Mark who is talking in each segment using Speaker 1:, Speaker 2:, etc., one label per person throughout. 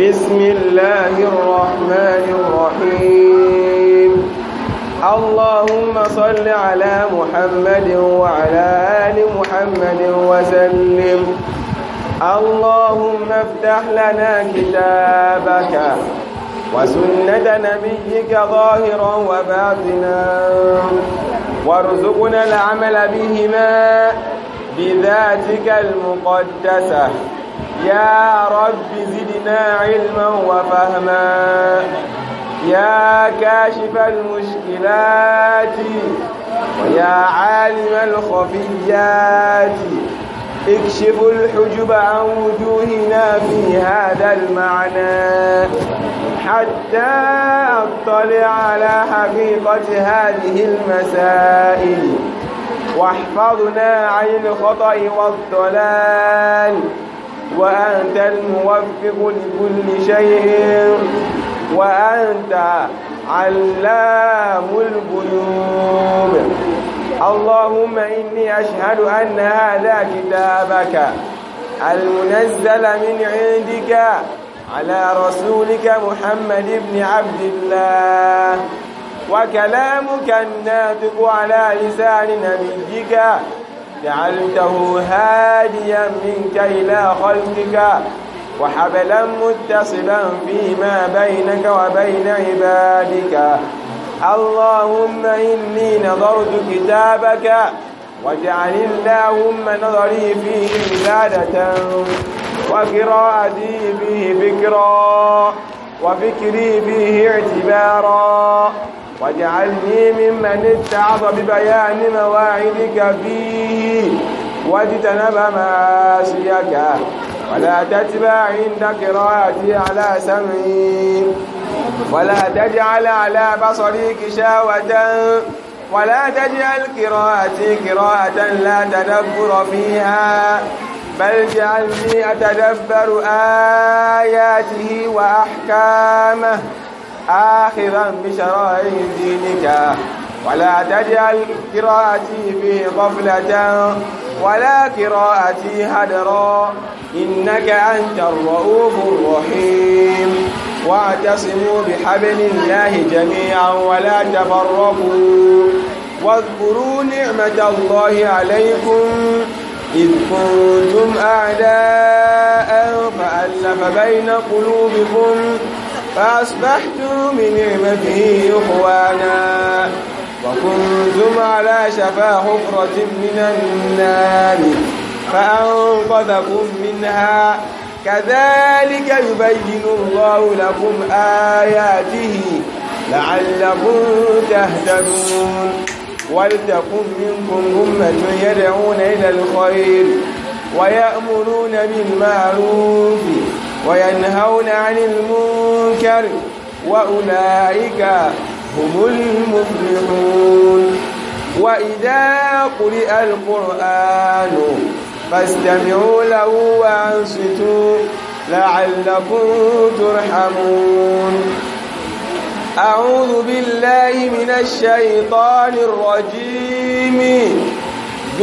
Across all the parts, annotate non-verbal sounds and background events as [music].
Speaker 1: بسم الله الرحمن الرحيم اللهم صل على محمد وعلى آل محمد وسلم اللهم افتح لنا كتابك وسنة نبيك ظاهرا وباطنا وارزقنا العمل بهما بذاتك المقدسة يا رب زدنا علما وفهما يا كاشف المشكلات ويا عالم الخفيات اكشف الحجب عن وجوهنا في هذا المعنى حتى اطلع على حقيقة هذه المسائل واحفظنا عن الخطأ والضلال وأنت الموفق لكل شيء وأنت علام الغيوب اللهم إني أشهد أن هذا كتابك المنزل من عندك على رسولك محمد بن عبد الله وكلامك الناطق على لسان نبيك جعلته هاديا منك إلى خلقك وحبلا متصلا فيما بينك وبين عبادك اللهم إني نظرت كتابك واجعل اللهم نظري فيه عبادة وقراءتي فيه فكرا وفكري فيه اعتبارا واجعلني ممن اتعظ ببيان مواعدك فيه واجتنب ماسيك ولا تتبع عند قراءتي على سمعي ولا تجعل على بصري كشاوة ولا تجعل قراءتي قراءة لا تدبر فيها بل جعلني أتدبر آياته وأحكامه آخذا بشرائع دينك ولا تجعل قراءتي فيه غفلة ولا قراءتي هدرا إنك أنت الرؤوف الرحيم واعتصموا بحبل الله جميعا ولا تفرقوا واذكروا نعمة الله عليكم إذ كنتم أعداء فألف بين قلوبكم فأصبحتم بنعمته إخوانا وكنتم على شفا حفرة من النار فأنقذكم منها كذلك يبين الله لكم آياته لعلكم تهتدون ولتكن منكم أمة يدعون إلى الخير ويأمرون بالمعروف وينهون عن المنكر وأولئك هم المفلحون وإذا قرئ القرآن فاستمعوا له وأنصتوا لعلكم ترحمون أعوذ بالله من الشيطان الرجيم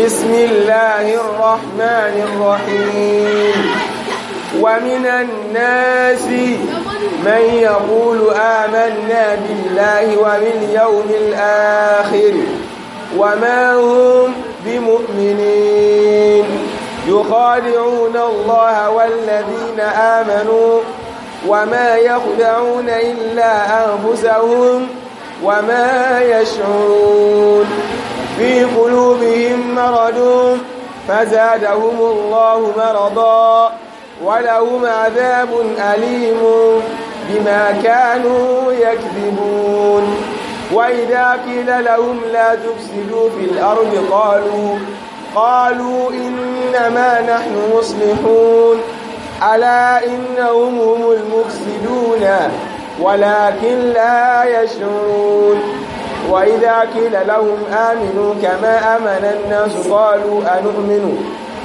Speaker 1: بسم الله الرحمن الرحيم ومن الناس من يقول آمنا بالله وباليوم الآخر وما هم بمؤمنين يخادعون الله والذين آمنوا وما يخدعون إلا أنفسهم وما يشعرون في قلوبهم مرض فزادهم الله مرضاً ولهم عذاب أليم بما كانوا يكذبون وإذا قيل لهم لا تفسدوا في الأرض قالوا قالوا إنما نحن مصلحون ألا إنهم هم المفسدون ولكن لا يشعرون وإذا قيل لهم آمنوا كما آمن الناس قالوا أنؤمن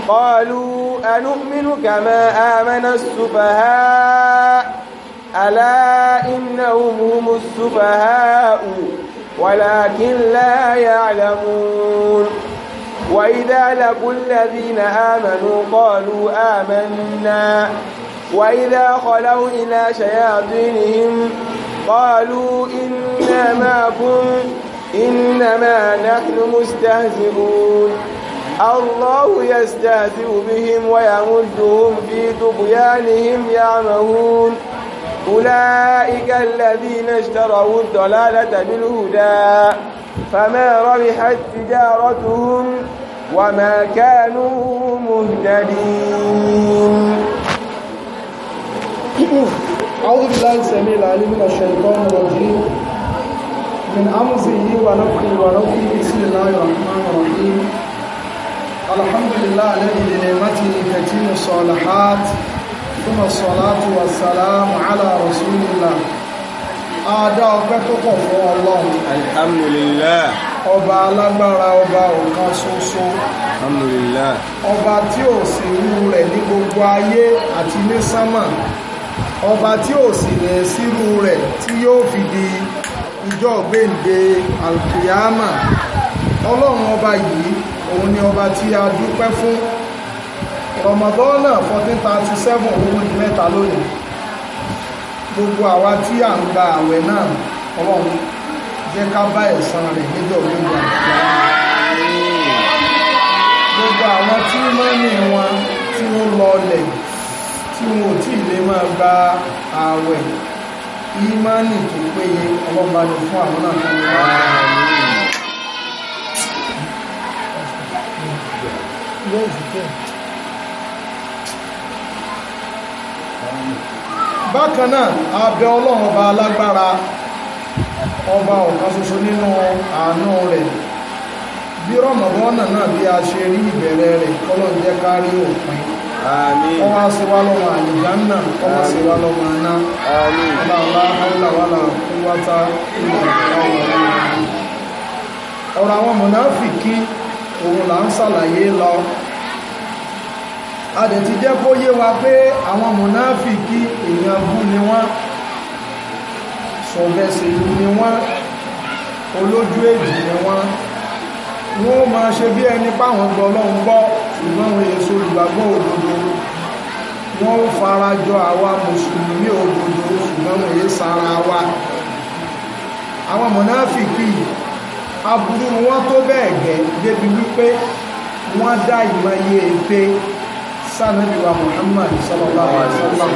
Speaker 1: قالوا أنؤمن كما آمن السفهاء ألا إنهم هم السفهاء ولكن لا يعلمون وإذا لقوا الذين آمنوا قالوا آمنا وإذا خلوا إلى شياطينهم قالوا إنما كن إنما نحن مستهزئون الله يستهزئ بهم ويمدهم في طغيانهم يعمهون أولئك الذين اشتروا الضلالة بالهدى فما ربحت تجارتهم وما كانوا مهتدين
Speaker 2: أعوذ بالله السميع العليم من الشيطان الرجيم من أمزه ونفخه ونفخه بسم الله الرحمن الرحيم الحمد لله الذي بنعمته تتم الصالحات ثم الصلاة والسلام على رسول الله Adá ọpẹ́ tó pọ̀ fún Ọlọ́run. Alhamdulillah. Ọba alágbára ọba ọ̀kan ṣoṣo.
Speaker 1: Alhamdulillah.
Speaker 2: Ọba tí ò sí irú rẹ̀ ní gbogbo ayé àti ní sánmà. Ọba tí ò sì ní sírú rẹ̀ tí yóò fi di ìjọ́ gbèǹde Alkiyama. Ọlọ́run ọba yìí òun ni ọba tí a dúpẹ́ fún rọmọdọ́nà 1437 òun di mẹ́ta lónìí gbogbo àwa tí à ń gba àwẹ̀ náà ọlọ́run jẹ́ ká bá ẹ̀san rẹ̀ níjọ́ gbogbo gbogbo àwọn tí mọ́nì wọn tí wọ́n lọlẹ̀ tí wọn ò tí lè máa gba àwẹ̀ ìmánì tó péye ọlọ́ba ni fún àwọn náà tó lóòfúkẹ́ bákan náà abẹ ọlọ́run ọba alágbára ọba ọ̀kan ṣoṣo nínú àánú rẹ̀ bí náà bí a ṣe rí ìbẹ̀rẹ̀ rẹ̀ kọ́lọ̀n jẹ́ kárí òpin ọwá síwá lọ́wọ́ àlìjánà lọ́wọ́ aná ọ̀rọ̀ àwọn òun là ń ṣàlàyé lọ a dẹ̀ ti jẹ́ kó yé wa pé àwọn mùnáfìkì èèyàn bú ni wọ́n sọ̀bẹ̀sẹ̀lú ni wọ́n olójú èjì ni wọ́n wọ́n máa ṣe bí ẹni páwọn gbọ́ lọ́hùn gbọ́ ṣùgbọ́n wọn èso olùgbàgbọ́ òdodo wọ́n ó fara jọ àwa mùsùlùmí òdodo ṣùgbọ́n wọn èé sara wa àwọn mùnáfìkì yìí aburú wọn tó bẹ́ẹ̀ gẹ́ débi wípé wọ́n dá ìmọ̀ye ète sànàbíwá Muhammad sallallahu alaihi wasallam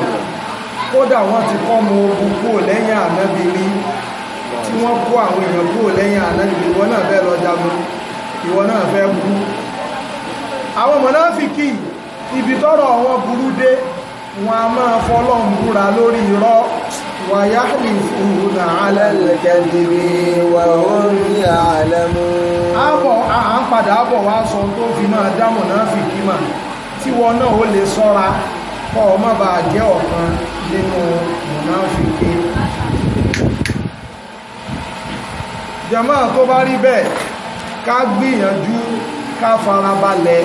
Speaker 2: kódà wọ́n ti kọ́ mọ ogun kúrò lẹ́yìn ànábì rí tí wọ́n kó àwọn èèyàn kúrò lẹ́yìn ànábì rí ìwọ náà fẹ́ lọ jagun ìwọ náà fẹ́ burú àwọn mọ̀náfíkì ibi tọ́rọ̀ wọn burú dé wọn a máa fọlọ́run búra lórí irọ́ ويحلفون على الكذب وهم يعلمون àbọ̀ àá padà bọ̀ wá sọ tó fi máa dámọ̀ náà fi kí mà tí wọn náà ó lè sọ́ra kọ́ ọ má bàa jẹ́ ọ̀kan nínú mùnáfìkì jama tó bá rí bẹ́ẹ̀ ká gbìyànjú ká farabalẹ̀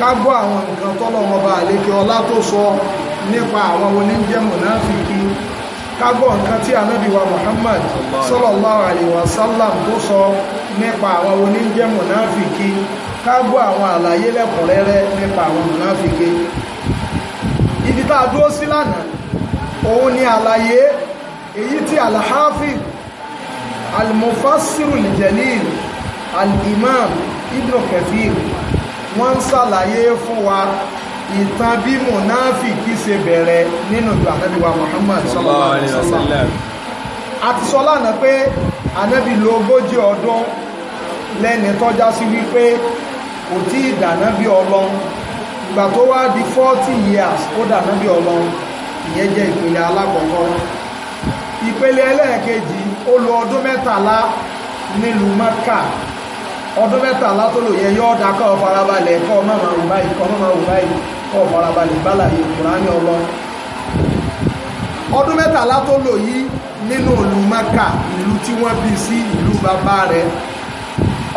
Speaker 2: ká gbọ́ àwọn nǹkan tọ́lọ́mọba àlékè ọlá tó sọ nípa àwọn oníjẹ́ mùnáfìkì kágbọ́ nǹkan tí ànábì wa Muhammad sallallahu alaihi wasallam tó sọ nípa àwọn oníjẹ́ mọ̀náfìkì kágbọ́ àwọn àlàyé lẹ́kùnrẹ́rẹ́ nípa àwọn mọ̀náfìkì ibi tá a dúró sí lánàá òun ni àlàyé èyí tí alhafid almufassiru aljalil alimam ibn kathir wọ́n ń fún wa ìtàn bí mùnáfì kí ṣe bẹ̀rẹ̀ nínú ìlú àtẹ́bíwá Muhammad sallallahu alaihi wasallam àti sọ lánàá pé ànábì lo ogójì ọdún lẹ́ni tọ́já sí wípé kò tí ìdàná bí ọlọ́run ìgbà tó wá di 40 years ó dàná bí ọlọ́run ìyẹn jẹ́ ìpele alákọ̀ọ́kọ́ ìpele ẹlẹ́ẹ̀kejì ó lo ọdún mẹ́tàlá nílùú Mẹ́kà ọdún mẹ́tàlá tó lò yẹ yọ́ ọ̀dà kọ́ farabalẹ̀ kọ́ mọ́mọ́ wù báyìí kọ́ mọ́mọ́ wù báyìí kọ́ farabalẹ̀ gbálàyé kùránì ọlọ́ ọdún mẹ́tàlá tó lò yìí nínú ìlú Mẹ́kà ìlú tí wọ́n bí sí ìlú bàbá rẹ̀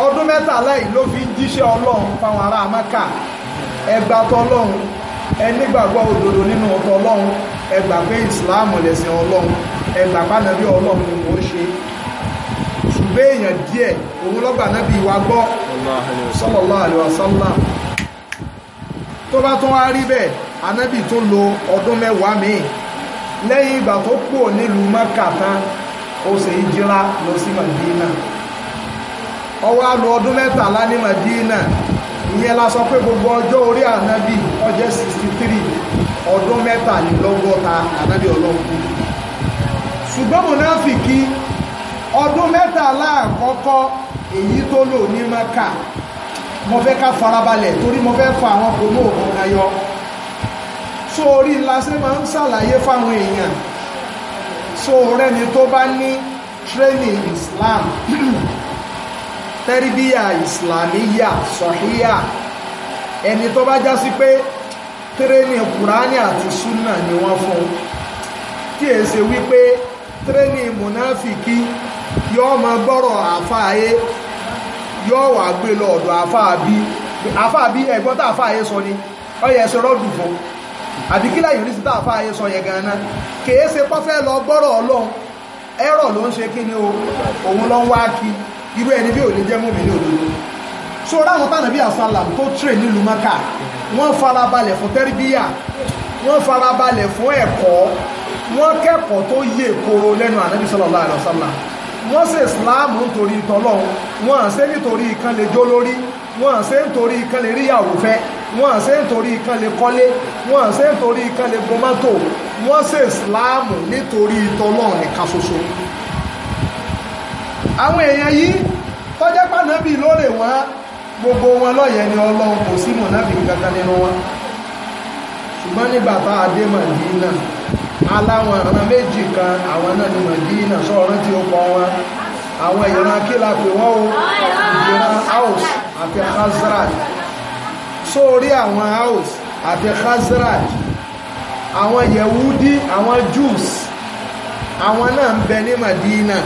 Speaker 2: ọdún mẹ́tàlá yìí ló fi ń jíṣẹ́ ọlọ́run fáwọn ará Mẹ́kà ẹgbà tọlọ́run ẹnígbàgbọ́ òdodo nínú ọ̀tọ̀ ọlọ́run ẹgbà pé ìsìláàmù lẹ̀sìn ọlọ́run ẹgbà pánàbí ọlọ́run ni mò ń ṣe pé èèyàn díẹ̀ òun lọ́gbà náàbí ìwà gbọ́ sallallahu alaihi wasallam tó bá tún wá rí bẹ́ẹ̀ anábì tún lo ọdún mẹ́wàá míì lẹ́yìn ìgbà tó pò nílùú Mákà tán ó ṣe ìjírá lọ sí Madina ó wá lo ọdún mẹ́tàlá ní Madina ìyẹn la sọ pé gbogbo ọjọ́ orí ànábì ọjọ́ 63 ọdún mẹ́tàlélọ́gọ́ta ànábì ọlọ́run ṣùgbọ́n mùnáfìkí ọdún mẹ́tàlá àkọ́kọ́ èyí tó lò ní maka mo fẹ́ ká farabalẹ̀ torí mo fẹ́ fa àwọn kòmó òkun ayọ sórí ńláṣẹ máa ń ṣàlàyé fáwọn èèyàn so rẹni tó bá ní training Islam [clears throat] tẹ́ríbíyà ìsìlámíyà sọ̀híyà ẹni tó bá já sí pé tírẹ́nì kùránì àti súnà ni wọ́n fún kí èsè wípé tírẹ́nì mùnáfìkì yóò máa gbọ́rọ̀ àáfàá ayé yóò wà gbé lọ ọ̀dọ̀ àáfàá bí àáfàá bí ẹ̀gbọ́n tá àáfàá ayé sọ ni ọyẹ ẹsẹ rọ́ọ̀dù fún àbí kí láyé oríṣi tá àáfàá ayé sọ yẹn gan-an kèé ṣe pọ́fẹ́ lọ gbọ́rọ̀ ọlọ́run ẹ̀rọ ló ń ṣe kí ni o òun ló ń wá kí irú ẹni bí ò ní jẹ́ mọ́mí ní òdodo so ráhùn tánà bí àsálàm tó trè nílùú mọ́kà wọ́n farabalẹ̀ fún tẹ́rìbíyà wọ́n farabalẹ̀ fún ẹ̀kọ́ wọ́n kẹ́kọ̀ọ́ tó yé koro lẹ́nu ànábì sallallahu alaihi wasallam wọ́n ṣe ìsìláàmù nítorí ìtọ́lọ́run wọ́n ṣe nítorí ìkan lè jó lórí wọ́n ṣe nítorí ìkan lè ríyàwó fẹ́ wọ́n ṣe nítorí ìkan lè kọ́lé wọ́n ṣe nítorí ìkan lè gbọmọ́tò wọ́n ṣe ìsìláàmù nítorí ìtọ́lọ́run ẹ̀ka ṣoṣo àwọn èèyàn yìí tọ́jẹ́ pànábì lóore wọn gbogbo wọn lọ́yẹ̀ ni ọlọ́run kò sí mọ̀nábì kankan nínú wọn ṣùgbọ́n nígbà tá a dé Màdínà aláwọn ọ̀nà méjì kan àwọn náà ni Mẹdínà sọ́ọ̀rán tí ó pọ̀ wọn àwọn ìran kílà pè wọ́n o ìran Aus àti Khazraj sórí àwọn Aus àti Khazraj àwọn Yẹ̀wúdí àwọn Jews àwọn náà ń bẹ ní Mẹdínà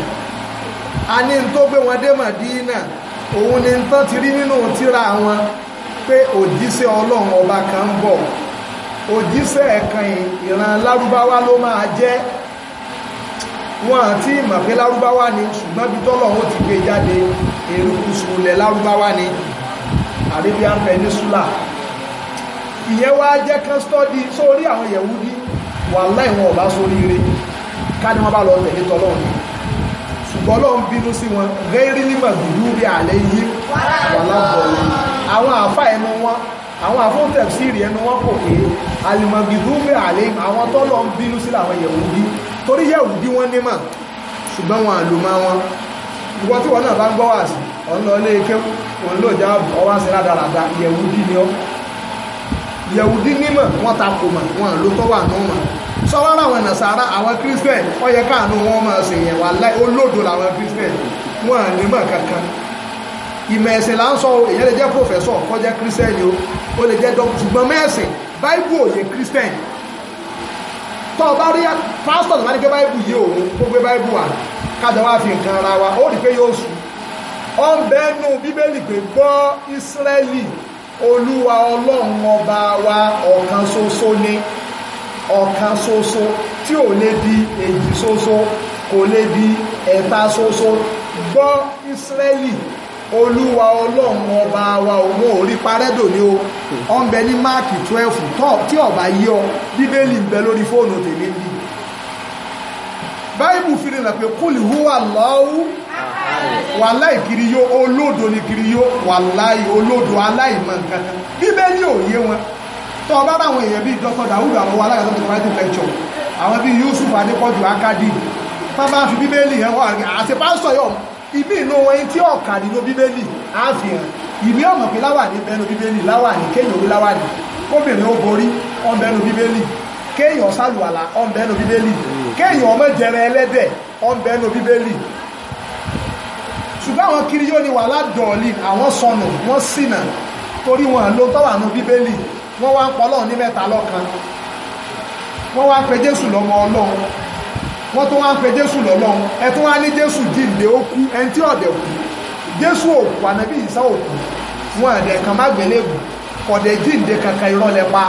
Speaker 2: a ní tó gbé wọn dé Mẹdínà òun ni tán ti rí nínú tíra wọn pé òjíṣẹ́ Ọlọ́run ọba kan ń bọ̀ òjíṣẹ́ ẹ̀kan ìran lárúbáwá ló máa jẹ́ wọn àti ìmọ̀ pé lárúbáwá ni ṣùgbọ́n bí tọ́lọ́hún ti gbé jáde erékùsù ilẹ̀ lárúbáwá ni Arabian Peninsula ìyẹn wá jẹ́ kẹ́stọ́dì sórí àwọn Yẹ̀wúdí wàláhì wọn ọ̀bá sórí ire ká ní wọ́n bá lọ tẹ̀lé tọ́lọ́hún ṣùgbọ́n lọ́n bínú sí wọn rẹ́rí nígbà gbùdú bí àlẹ́ yìí wàláhì àwọn àfáà ẹnu wọn àwọn àfóńtẹ̀ sí ìrì ẹnu wọn kò pé alìmọ̀gìdúgbẹ̀ àlè àwọn tọ́lọ ń bínú sí làwọn yẹ̀wùdí torí yẹ̀wùdí wọ́n nímọ̀ ṣùgbọ́n wọn àlò máa wọn ìwọ tí wọn náà bá ń gbọ́ wà sí ọ̀nà ilé kéwù òun ló já ọwá sí rádaràda yẹ̀wùdí ni ọ́ yẹ̀wùdí nímọ̀ wọn ta kò mọ̀ wọn àlò tọ́wà náà mọ̀ sọ́wọ́rọ̀ àwọn nàṣàrà àwọn kírísítẹ̀n ó yẹ káàánú wọn máa ṣèyẹ̀wà láì olódo làwọn kírísítẹ̀n wọn à nímọ̀ kankan ìmọ̀ ẹ̀sìn là ń sọ èyàn lè jẹ́ pòfẹ́sọ̀ kó jẹ́ kírísítẹ́nì o ó lè jẹ́ dọ́kítà ṣùgbọ́n mẹ́ẹ̀sìn báíbù òye kírísítẹ́nì tó o bá rí pásítọ̀ tó bá ní pé báíbù yé òun kó gbé báíbù wà kájọ wá fi nǹkan ara wa ó rí pé yóò sùn ó ń bẹ́nu bíbélì pé gbọ́ ìsírẹ́lì olúwa ọlọ́run ọba wa ọ̀kan ṣoṣo ni ọ̀kan ṣoṣo tí ò lè di èjì ṣoṣo kò lè di ẹ̀ta ṣoṣo gbọ́ ìsírẹ́lì olúwa ọlọ́run ọba wa òun ò rí parẹ́dò ni o ọ ń bẹ ní máàkì twelve tí ọba yí ọ bíbélì ń bẹ lórí fóònù tèmi bí báyìí fi rìnlẹ̀ pé kúlì húwà lọ́wọ́ wàláì kiri yó olódo ni kiri yó wàláì olódo aláìmọ̀ nǹkan kan bíbélì ò yé wọn tó ọba báwọn èèyàn bíi dr dawud àwọn alágbàtọ́ tó wájú pẹ̀jọ àwọn bíi yusuf adépọ̀jù akadi bá bá fi bíbélì yẹn wọ́n àti pásítọ̀ yọ̀ ibi inú wọn tí ọ̀kà nínú bíbélì á fi hàn ìmí ọ̀mọ̀ pé láwàní bẹnu bíbélì láwàní kéèyàn ó láwàní kóbìnrin ó borí ọ̀nbẹ́nu bíbélì kéèyàn sálùwàlà ọ̀nbẹ́nu bíbélì kéèyàn ọmọ jẹrẹ ẹlẹ́dẹ̀ ọ̀nbẹ́nu bíbélì ṣùgbọ́n àwọn kiri yóò ní wà ládọ̀ọ̀lì àwọn sọnù wọ́n ṣìnà torí wọn ló tọ́wà nù bíbélì wọ́n wá ń pọ́lọ́ ní mẹ́ta lọ́kan wọ́n wá pe Jésù lọ́mọ Ọlọ́run wọ́n tún wá ń pe jésù lọ́lọ́run ẹ tún wá ní jésù jíǹde ó kú ẹni tí ọ̀dẹ̀ kú jésù òkú ànábì ìsá òkú wọn ẹ̀dẹ̀ kan má gbélébù ọ̀dẹ̀ jíǹde kankan irọ́ lẹ pa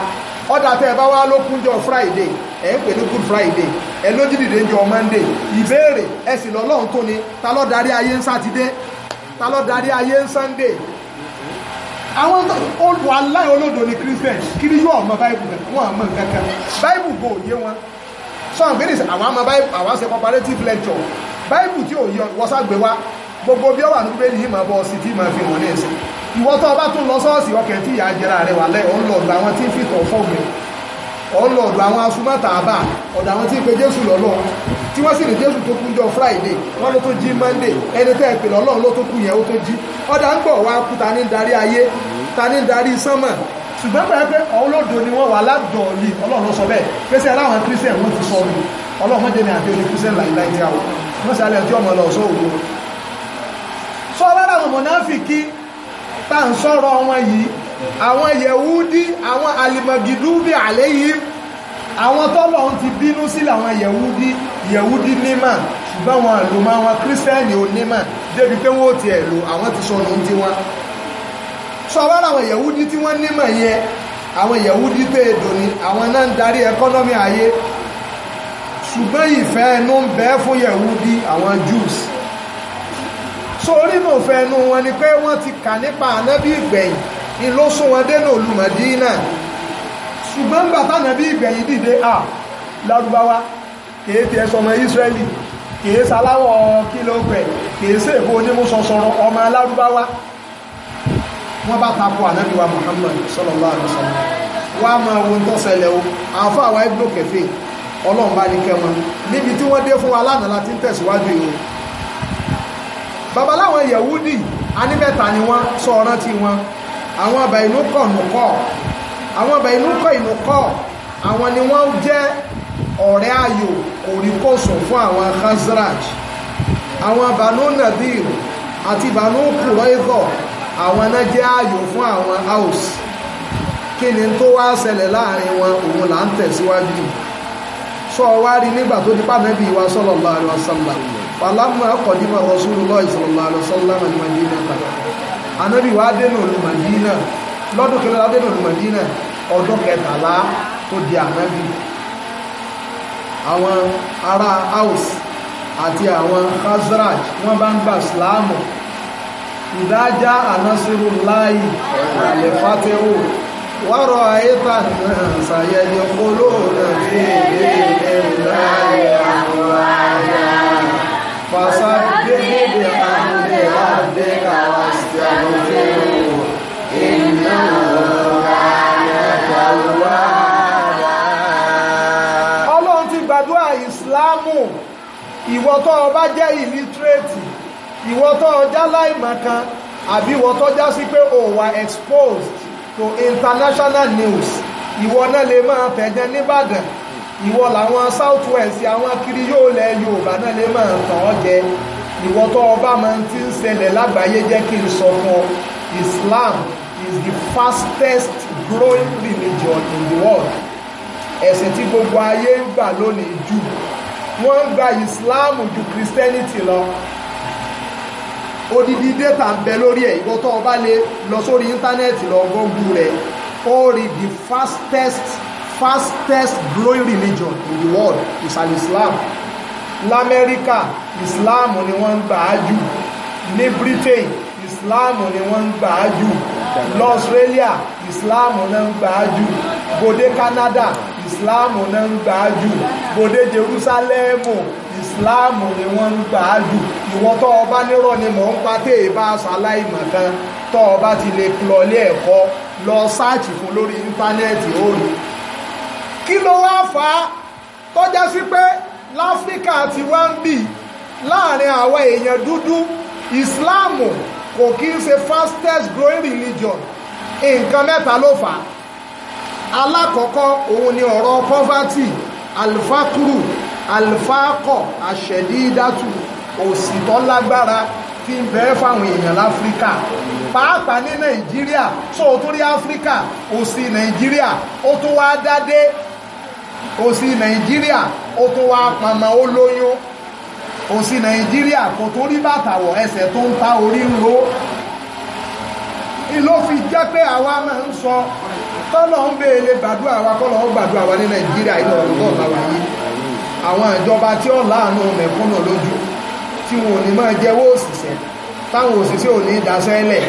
Speaker 2: ọ̀dà tẹ́ ẹ bá wá lókun jọ friday ẹ̀ ń pè ní good friday ẹ ló dídìde jọ monday ìbéèrè ẹ sì lọ́lọ́run tó ni ta ló darí ayé ń sátidé ta ló darí ayé ń sunday àwọn olùwàláì olódò ni christian kiri yóò mọ báìbù rẹ wọn àmọ nǹkan kan báìbù bò yé wọn so àwọn fèrèsì àwọn àmọ́ àwọn ṣe comparative lecture bible tí ò yọ wọ́sàgbé wa gbogbo bí ó wà nínú bẹ́ẹ̀ ní ìmọ̀ bọ́ sí tí ìmọ̀ fi hàn ní ẹ̀sìn ìwọ tó bá tún lọ sọ́ọ̀sì ọkẹ̀ tí ìyá jẹra rẹ wà lẹ́ ọlọ́ọ̀dọ̀ àwọn tí ń fìtọ̀ fọ́gbẹ̀ ọlọ́ọ̀dọ̀ àwọn asúmọ́tà àbá ọ̀dọ̀ àwọn tí ń pe jésù lọ́lọ́ tí wọ́n sì ní jésù tó kú jọ friday wọ́n ló tó jí monday ẹni tẹ́ ẹ pè lọ́lọ́ ló tó kú yẹn ó tó jí ọ̀dà ń gbọ̀ wá kú ta ní darí ayé ta ní darí sánmà ṣùgbọ́n pẹ̀lú pé olódo ni wọ́n wà ládọ̀ọ̀lì ọlọ́run sọ bẹ́ẹ̀ pèsè aláwọn christian wọ́n ti sọ ọ́nù ọlọ́run jẹ́ ní àti oní christian láìláì tí a wọ́n wọ́n sì alẹ́ ọjọ́ ọmọ lọ sọ òwúrọ̀ sọ lára àwọn mọ̀náfìkì tá à ń sọ̀rọ̀ wọn yìí àwọn yẹ̀wúdí àwọn alìmọ̀gìdúbì àléyìí àwọn tọ́lọ̀ ń ti bínú sí làwọn yẹ̀wúdí yẹ̀wúdí nímà ṣùgbọ́n wọn àlùmọ́ àwọn kírísítẹ́nì onímà débi pé wọ́n ti ẹ̀ lò àwọn ti sọnù ti wọn sọ wá láwọn Yẹ̀húdí tí wọ́n nímọ̀ yẹn àwọn Yẹ̀húdí tẹ́ èdò ni àwọn náà ń darí ẹkọ́nọ́mì ayé ṣùgbọ́n ìfẹ́ ẹnu ń bẹ fún Yẹ̀húdí àwọn Jews so orínú ìfẹ́ ẹnu wọn ni pé wọ́n ti kà nípa ànábì ìgbẹ̀yìn ni ló sún wọn dénú olùmọ̀dínà ṣùgbọ́n bàtà ànábì ìgbẹ̀yìn dìde à lárúbáwá kìí ti ẹsọ ọmọ Ísírẹ́lì kìí saláwọ̀ kí ló pẹ̀ kìí sí onímúsọsọrọ ọmọ alárúbáwá wọ́n bá tako ànábì wa Muhammad sallallahu alaihi wasallam o àǹfà àwa ibùdó kẹfẹ́ ọlọ́run bá ní kẹwọn níbi tí wọ́n dé fún wa lánàá láti ń tẹ̀síwájú yìí babaláwọn Yahudi anímẹ́ta ni wọ́n sọ ọ̀rán tí wọ́n àwọn ọba inú kọ̀ nùkọ́ àwọn ọba inú kọ̀ ìnùkọ́ àwọn ni wọ́n jẹ́ ọ̀rẹ́ ayò kòríkòsùn fún àwọn Khazraj àwọn Banu Nadir àti Banu Qurayza àwọn náà jẹ́ ààyò fún àwọn house kí ni tó wá ṣẹlẹ̀ láàrin wọn òun là ń tẹ̀síwájú sọ wá nígbà tó di pàmẹ́bí wa sallallahu alaihi wasallam pàlámù ẹ̀kọ́ nípa Rasulullahi sallallahu alaihi wasallam ní Madina padà anábì wa dénú ní Madina lọ́dún kẹlẹ́ la dénú ní Madina ọdún kẹtàlá tó di anábì àwọn ará house àti àwọn Khazraj wọ́n bá ń gbà síláàmù ìdájá ànásírù láì àlèfàtíwò wọ́rọ̀ àyíta ṣàyẹ̀yẹ̀ kóló nàbí ilé ìlà àwọn àyà fàṣàgbé ọlọ́run ti gbàdúrà ìsìláàmù ìwọ tó jẹ́ ìlítírètì ìwọ́tọ́ ọjà láìmọ̀kan àbí ìwọ́tọ́ já sí pé o wà exposed to international news ìwọ náà lè máa tẹ̀jẹ́ nìbàdàn ìwọ làwọn south west àwọn kiri yóò lẹ yorùbá náà lè máa tàn ọ́ jẹ ìwọ́tọ́ ọba máa ti ń ṣẹlẹ̀ lágbàáyé jẹ́ kí n sọ fún ọ Islam is the fastest growing religion in the world ẹ̀sìn tí gbogbo ayé ń gbà lónìí jù wọ́n ń gba Islam ju Christianity lọ odidi data ń bẹ lórí ẹ̀ ìwọ tó o bá lè lọ sórí íńtánẹ́ẹ̀tì lọ gọ́gù rẹ̀ ó the fastest fastest growing religion in the world is an Islam lamẹ́ríkà Islam ni wọ́n ń gbà á jù ní Britain Islam ni wọ́n ń gbà á jù Australia, Islam ni wọ́n ń gbà á jù bòde Canada Islam náà ń gbà á jù bòde Jerúsálẹ́mù ìsìláàmù ni wọ́n ń gbà á jù ìwọ́n tó ọba nírọ̀ ni mò ń pa tè bá ṣaláì mọ̀kan tó ọba ti lè lọlé ẹ̀kọ́ lọ sáàchì fún lórí íńtánẹ́ẹ̀tì òòlù kí ló wá fà á tọ́já sí pé láfíríkà ti wá ń bì láàrin àwọn èèyàn dúdú ìsìláàmù kò kí ń ṣe fastest growing religion nǹkan mẹ́ta ló fà á alákọ̀ọ́kọ́ òun ni ọ̀rọ̀ poverty alfakuru alfakọ̀ àṣẹ̀dídátù òṣì tó lágbára tí ń bẹ́ẹ̀ fáwọn èèyàn láfíríkà pàápàá ní nàìjíríà tó o tó rí áfíríkà òṣì nàìjíríà ó tó wá dádé òṣì nàìjíríà ó tó wá pamọ́ ó lóyún òṣì nàìjíríà kò tó rí bàtàwọ̀ ẹsẹ̀ tó ń ta orí ń ro ìlò fi jẹ́ pé àwa máa ń sọ tọ́lọ̀ ń béèrè gbàdúrà wa kọ́lọ̀ ó gbàdúrà wa ní nàìjíríà ilẹ̀ ọ̀dọ́ ọ̀làwà yìí àwọn ìjọba tí ó láàánú mẹ̀kúnnà lójú tí wọn ò ní máa jẹ́wọ́ òṣìṣẹ́ táwọn òṣìṣẹ́ ò ní ìdásẹ́lẹ̀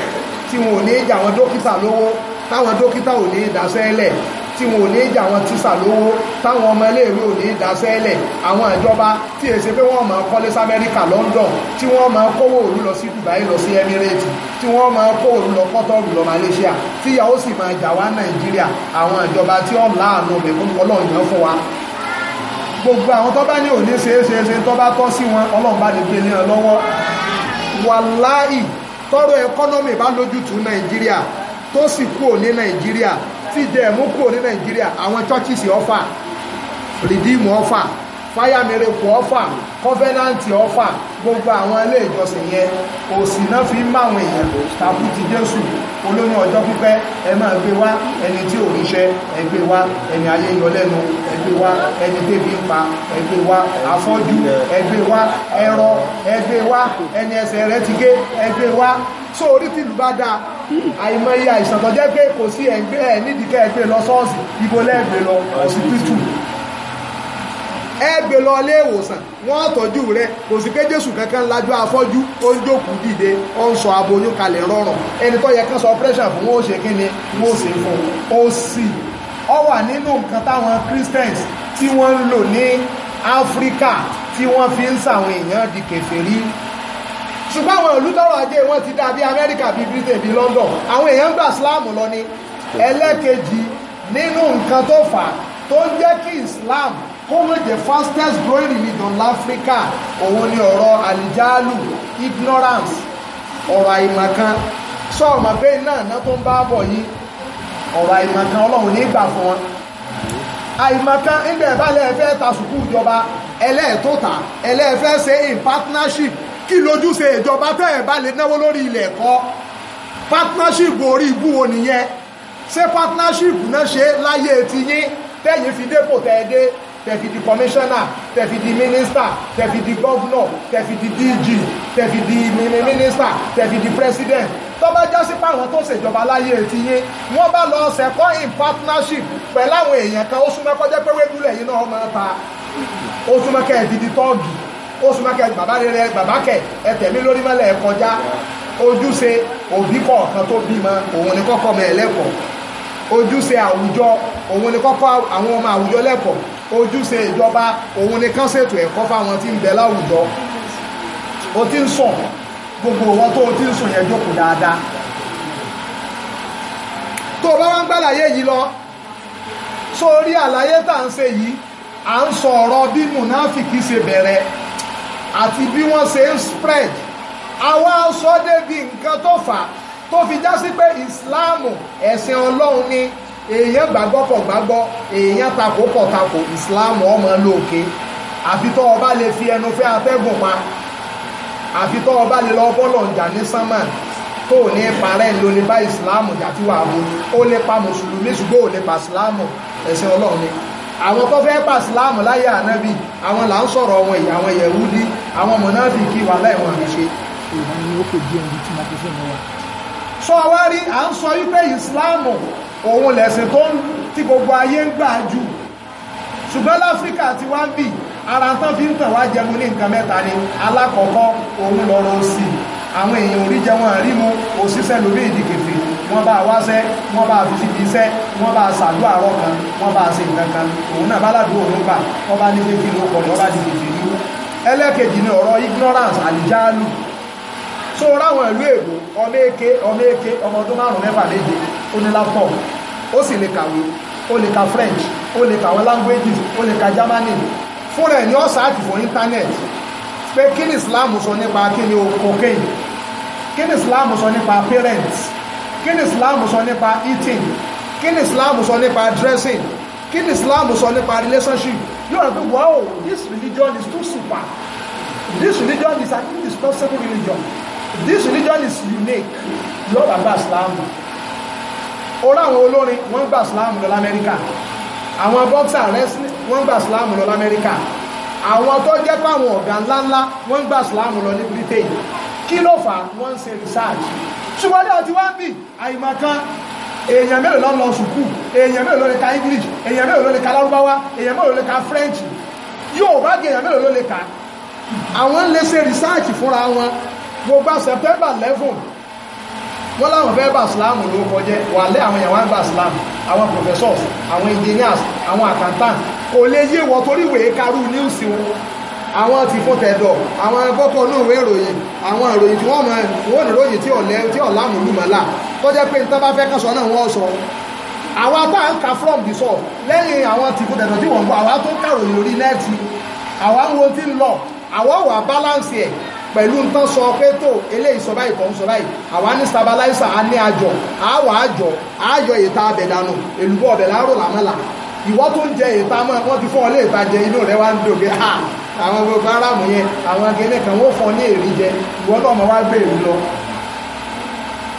Speaker 2: tí wọn ò ní ìjà àwọn dókítà lówó táwọn dókítà ò ní ìdásẹ́lẹ̀ tí wọn ò ní ìjà àwọn tíṣà lówó táwọn ọmọ iléèwé ò ní ìdásẹ́lẹ̀ àwọn ìjọba tí èsì pé wọ́n máa kọ́lé sí amẹ́ríkà london tí wọ́n máa kówó òru lọ sí dubai lọ sí emirates tí wọ́n máa kó òru lọ kọ́tọ́ọ̀rù lọ malaysia tí yàwó sì máa jà wá nàìjíríà àwọn ìjọba tí ó láàánú mẹ́kún ọlọ́ọ̀yàn fún wa gbogbo àwọn tó bá ní òní ṣeéṣeéṣe tó bá tọ́ sí wọn ọlọ́run bá lè gbé ní ọ lọ́wọ́ wàláì tọrọ ẹkọ́nọ́mì bá lójútùú nàìjíríà tó sì kúrò ní nàìjíríà fìdí ẹ̀ mú kúrò ní nàìjíríà àwọn churches ọ̀fà rìdíìmù ọ̀fà fire miracle offer covenant offer gbogbo àwọn ilé ìjọsìn yẹn òsì náà fi ń máwọn èèyàn tàbí ti jésù olóyún ọjọ́ pípẹ́ ẹ máa gbé wá ẹni tí ò ríṣẹ́ ẹ gbé wá ẹni ayé yọ lẹ́nu ẹ gbé wá ẹni tẹ́bí ń pa ẹ gbé wá afọ́jú ẹ gbé wá ẹrọ ẹ gbé wá ẹni ẹsẹ̀ rẹ ti gé ẹ gbé wá so orí tìlú bá dáa àìmọye àìsàn tó jẹ́ pé kò sí ẹgbẹ́ ẹ̀ nídìí kẹ́ ẹ gbé lọ ṣọ́ọ̀ṣì ibo lẹ́ẹ̀gbẹ́ lọ ọ̀sìpìtù ẹ gbé lọ ilé ìwòsàn wọ́n tọ́jú rẹ kò sí pé jésù kankan lajú afọ́jú ó ń jókòó dìde ó ń sọ aboyún kalẹ̀ rọrùn ẹni tó yẹ kán sọ pressure fún wọn ó ṣe kí ni wọn ó ṣe fún ó sì ọ wà nínú nǹkan táwọn christians tí wọ́n ń lò ní áfíríkà tí wọ́n fi ń sàwọn èèyàn di kèfèrí ṣùgbọ́n àwọn ìlú tọrọ ajé wọn ti dà bí amẹ́ríkà bí britain bí london àwọn èèyàn gba islam lọ ni ẹlẹ́kejì nínú nǹkan tó fà tó ń jẹ́ kí islam kó wọ́n jẹ́ fastest growing religion Africa? òun ni ọ̀rọ̀ àlìjálù ignorance ọ̀rọ̀ àìmọ̀kan sọ ọ̀mà bẹ́ẹ̀ náà náà tó ń bá bọ̀ yìí ọ̀rọ̀ àìmọ̀kan ọlọ́run ní ìgbà fún wọn àìmọ̀kan nígbà ìbálẹ̀ ẹ̀fẹ́ ta sùkúù ìjọba ẹlẹ́ẹ̀tóta ẹlẹ́ẹ̀fẹ́ ṣe in partnership kí lójúṣe ìjọba tẹ́ ẹ̀ bá lè náwó lórí ilẹ̀ ẹ̀kọ́ partnership orí ibú wo nìyẹn ṣé partnership náà ṣe láyé ti yín tẹ́yìn fi dépò tẹ́ ẹ dé tẹ̀fi di kọmíṣánná tẹ̀fi di mínísítà tẹ̀fi di gọ́vnọ̀ tẹ̀fi di dg tẹ̀fi di minister, tẹ̀fi di president tó bá já sí páwọn tó ṣèjọba láyé ti yé wọ́n bá lọ ṣẹ̀kọ́ in partnership pẹ̀lú àwọn èèyàn kan ó súnmọ́ kọjá pé wédúlẹ̀ yìí náà máa ta ó súnmọ́ kẹ́ ẹ̀ fi di tọ́ọ̀gì ó súnmọ́ kẹ́ bàbá rere bàbá kẹ́ ẹ̀tẹ̀mí lórí mọ́lẹ̀ ẹ̀kọjá ojúṣe òbí kọ̀ọ̀kan tó bímọ òun ni kọ́kọ́ mẹ́ ẹlẹ́kọ̀ọ́ ojúṣe àwùjọ òun ni kọ́kọ́ àwọn ọmọ àwùjọ lẹ́kọ̀ọ́ ojúṣe ìjọba òun ni kán ṣètò ẹ̀kọ́ fáwọn tí ń bẹ láwùjọ o ti ń sùn gbogbo wọn tó o ti ń sùn yẹn jókòó dáadáa tó o bá wá ń gbàlàyé yìí lọ sórí àlàyé tá à ń ṣe yìí à ń sọ ọ̀rọ̀ bí mùnáfìkì ṣe bẹ̀rẹ̀ àti bí wọ́n ṣe ń spread àwa sọ débi nǹkan tó fà á tó fi já sí pé ìsìláàmù ẹ̀sìn ọlọ́run ni èèyàn gbàgbọ́ kò gbàgbọ́ èèyàn takò kò takò ìsìláàmù ọmọ lóòkè àfi tó o bá lè fi ẹnu fẹ́ atẹ́gùn pa àfi tó o bá lè lọ bọ́lọ̀ jà ní sánmà tó o ní parẹ́ ló lè bá ìsìláàmù jà tí wàá wo ó lè pa mùsùlùmí ṣùgbọ́n ò lè pa ìsìláàmù ẹ̀sìn ọlọ́run ni àwọn tó fẹ́ pa ìsìláàmù láyé ànábì àwọn là ń sọ̀rọ̀ wọn ìyá àwọn yẹ̀wúdí àwọn mọ̀náfìkì wà láìwọ̀n àmì ṣe. èyí ni ó kò díẹ̀ ní tí mo fi fẹ́ mọ́ wa sọ wá rí à ń sọ wípé ìsìláàmù òun lẹ̀sìn tó ń tí gbogbo ayé ń gbà jù ṣùgbọ́n láfíríkà ti wá ń bì ara tán fi ń tàn wá jẹun ní nǹkan mẹ́ta ni alákọ̀ọ́kọ́ òun lọ́rọ̀ sí àwọn èèyàn orí jẹun àrímu òṣìṣẹ́ lórí ìdìkèfè wọ́n bá wáṣẹ́ wọ́n bá fi síbi iṣẹ́ wọ́n bá ṣàdúrà àárọ̀ kan wọ́n bá ṣe nǹkan kan òun náà báládùn òun gbà wọ́n bá ní pé kí ló pọ̀ ní wọ́n bá di ìdìkèfè ẹlẹ́kejì ni ọ̀rọ̀ ignorance àlìjáàlù so ráwọn ìlú èbò ọmọ èké ọmọ èké ọmọ ọdún márùn mẹ́fà léje ó ní lápọ̀ ó sì lè kàwé ó lè ka french ó lè ka àwọn languages ó lè ka germany fúnra ẹ̀ ní ó sáàtì fún internet pé kí ni islam sọ nípa kí ni cocaine kí ni islam sọ nípa parents kí ni islam sọ nípa eating kí ni islam sọ nípa dressing kí ni islam sọ nípa relationship yóò rẹ̀ pé wow this religion is too super this religion is an indispensable religion this religion is unique lọ́wọ́ àgbà islam orí àwọn olórin wọ́n gbà islam lọ lamẹ́ríkà àwọn boxer wrestling wọ́n gbà islam lọ lamẹ́ríkà àwọn tó jẹ́ pàwọn ọ̀gá ńláńlá wọ́n gbà islam lọ ní britain kí ló fà wọ́n ń ṣe research ṣùgbọ́n ní ọtí wá ń bì àìmọ̀kan èèyàn mélòó ló ń lọ sùkúù èèyàn mélòó ló lè ka english èèyàn mélòó ló lè ka lárúbáwá èèyàn mélòó ló lè ka french yóò bá gé èèyàn mélòó ló lè ka àwọn lè ṣe research fúnra wọn mo gba september eleven wọ́n láwọn fẹ́ bá ìsìláàmù ló kọjẹ́ wà lẹ́ àwọn ìyàwó àgbà ìsìláàmù àwọn professors àwọn engineers àwọn accountants kò lè yé wọ́n torí wèé karú news wọn àwọn ti fún tẹ̀dọ̀ àwọn akọ́kọ́ náà wé ìròyìn àwọn ìròyìn tí wọ́n mọ̀ wọ́n ní ròyìn tí ọ̀lẹ́ tí ọ̀làmù lùmọ̀lá tó jẹ́ pé nítorí bá fẹ́ kán sọ náà wọ́n sọ àwa tá ń ka from the source lẹ́yìn àwọn ti fún tẹ̀dọ̀ tí wọ́n gbọ́ àwa tó kàròyìn lórí nẹ́ẹ̀tì àwa ń ti ń lọ àwa wà balance ẹ̀ pẹ̀lú ń tán sọ pé tó eléyìí sọ báyìí kọ́ ń sọ báyìí àwa ní stabilizer a ní àjọ àwọ̀ àjọ àjọ ètà abẹ̀ dànù èlùbọ́ ọ̀bẹ̀ láàrò làmọ́là ìwọ́ tó ń jẹ ètà mọ́ wọ́n ti fún ọ lé ètà jẹ inú rẹ wá ń dògbé ha àwọn gbogbo aráàmù yẹn àwọn akẹ́lẹ́ kan wọ́n fọ́ ní èrì jẹ ìwọ́ náà mọ́ wá gbé èrì lọ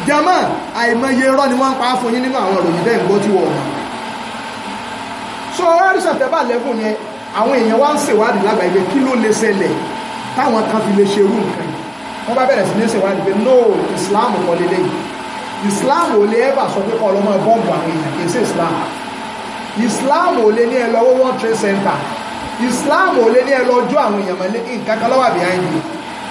Speaker 2: jama àìmọye irọ́ ni wọ́n ń pa fún yín nínú àwọn ìròyìn bẹ́ẹ̀ ń gbọ́ tí wọ́n mọ̀ so ọ́rẹ́rìṣà tẹ́bà lẹ́fún yẹn àwọn èèyàn wá ń ṣèwádìí lágbàá ibẹ̀ kí ló lè ṣẹlẹ̀ táwọn kan fi lè ṣerú nǹkan wọ́n bá bẹ̀rẹ̀ sí ní ṣèwádìí pé no Islam kọ́ lélẹ́yìí Islam ò lè ẹ́bà sọ pé ọlọ́mọ bọ́ọ̀bù àwọn èèyàn kì í ṣe Islam Islam ò lè ní ẹ lọ World Trade Center Islam ò lè ní ẹ lọ jó àwọn èèyàn mọ́lé nǹkan kan lọ́wọ́ behind you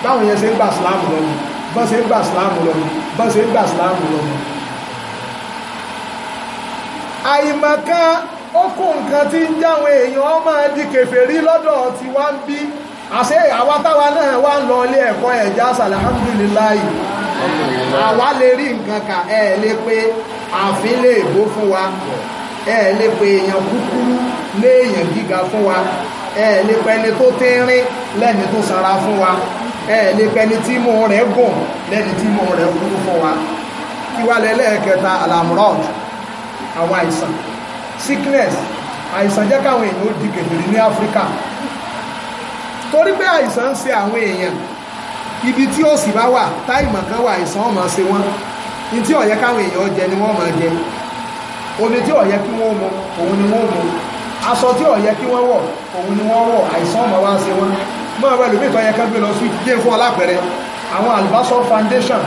Speaker 2: báwọn yẹn ṣe ń gba Islam lọ́nu bọ́n ṣe ń gba Islam lọ́nu bọ́n ṣe ń gba Islam lọ́nu. àyìnbọn kan ó kó nǹkan tí ń jáwọn èèyàn ọmọ ẹni kèfèrí lọ́dọ̀ tí wá ń bí àṣẹ àwa táwa náà wá lọ ilé ẹ̀kọ́ ẹ̀já sàlámùdìláì àwa lè rí nǹkan kà ẹ̀ lè pé àfin lè bó fún wa ẹ̀ lè pé èèyàn kúkúrú léèyàn gíga fún wa ẹ̀ lè pẹ́ni tó tínrín lẹ́ni tó sanra fún wa ẹ̀ lè pẹ́ni tí mú rẹ̀ gùn lẹ́ni tí mú rẹ̀ kúrú fún wa kí wá lẹ́lẹ́ẹ̀kẹta alamrod àwọn àìsàn sickness àìsàn jẹ́ káwọn èèyàn ó di kèfèrè ní Áfíríkà torí pé àìsàn ń ṣe àwọn èèyàn ibi tí òsì bá wà táìmọ̀ kan wà àìsàn ọmọ ṣe wọ́n ní tí ó yẹ káwọn èèyàn jẹ ni wọ́n máa jẹ omi tí ó yẹ kí wọ́n mu òun ni wọ́n mu aṣọ tí ó yẹ kí wọ́n wọ̀ òun ni wọ́n wọ̀ àìsàn ọmọ wá ṣe wọ́n máa wẹ́ lómi ìtọ́yẹ kan gbé lọ sí ìdílé fún alápẹ̀rẹ̀ àwọn Albasor Foundation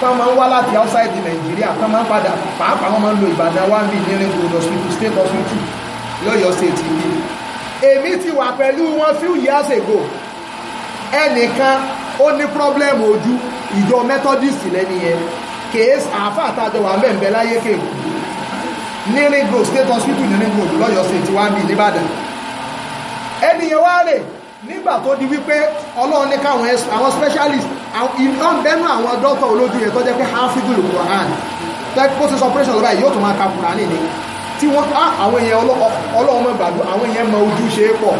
Speaker 2: tó máa ń wá láti outside the Nigeria tó máa ń padà pàápàá wọn máa ń lo Ìbàdàn one million hospital state hospital lọ́yọ̀ state ìlú èmi ti wà pẹ̀lú wọn few years ago ẹnìkan ó ní problem ojú ìjọ methodist lẹ́ni yẹn kèés àáfàá àtàjọ wà mẹ́ǹbẹ́ láyé kéwù ní ring road state hospital ní ring road lọ́yọ̀ọ́ state wá bí nìbàdàn ẹnìyẹn wá rè nígbà tó di wípé ọlọ́run ní káwọn àwọn specialist ìlọ́n bẹ́nu àwọn dọ́tọ̀ olójú yẹn tó jẹ́ pé half figure Quran tẹ́kí pósí operation lọ́ba yìí yóò tún máa ka Quran ní tí wọ́n á ah, àwọn èèyàn ọlọ́ọ̀mọ̀ ìgbàgbọ́ àwọn èèyàn mọ ojú ṣe é pọ̀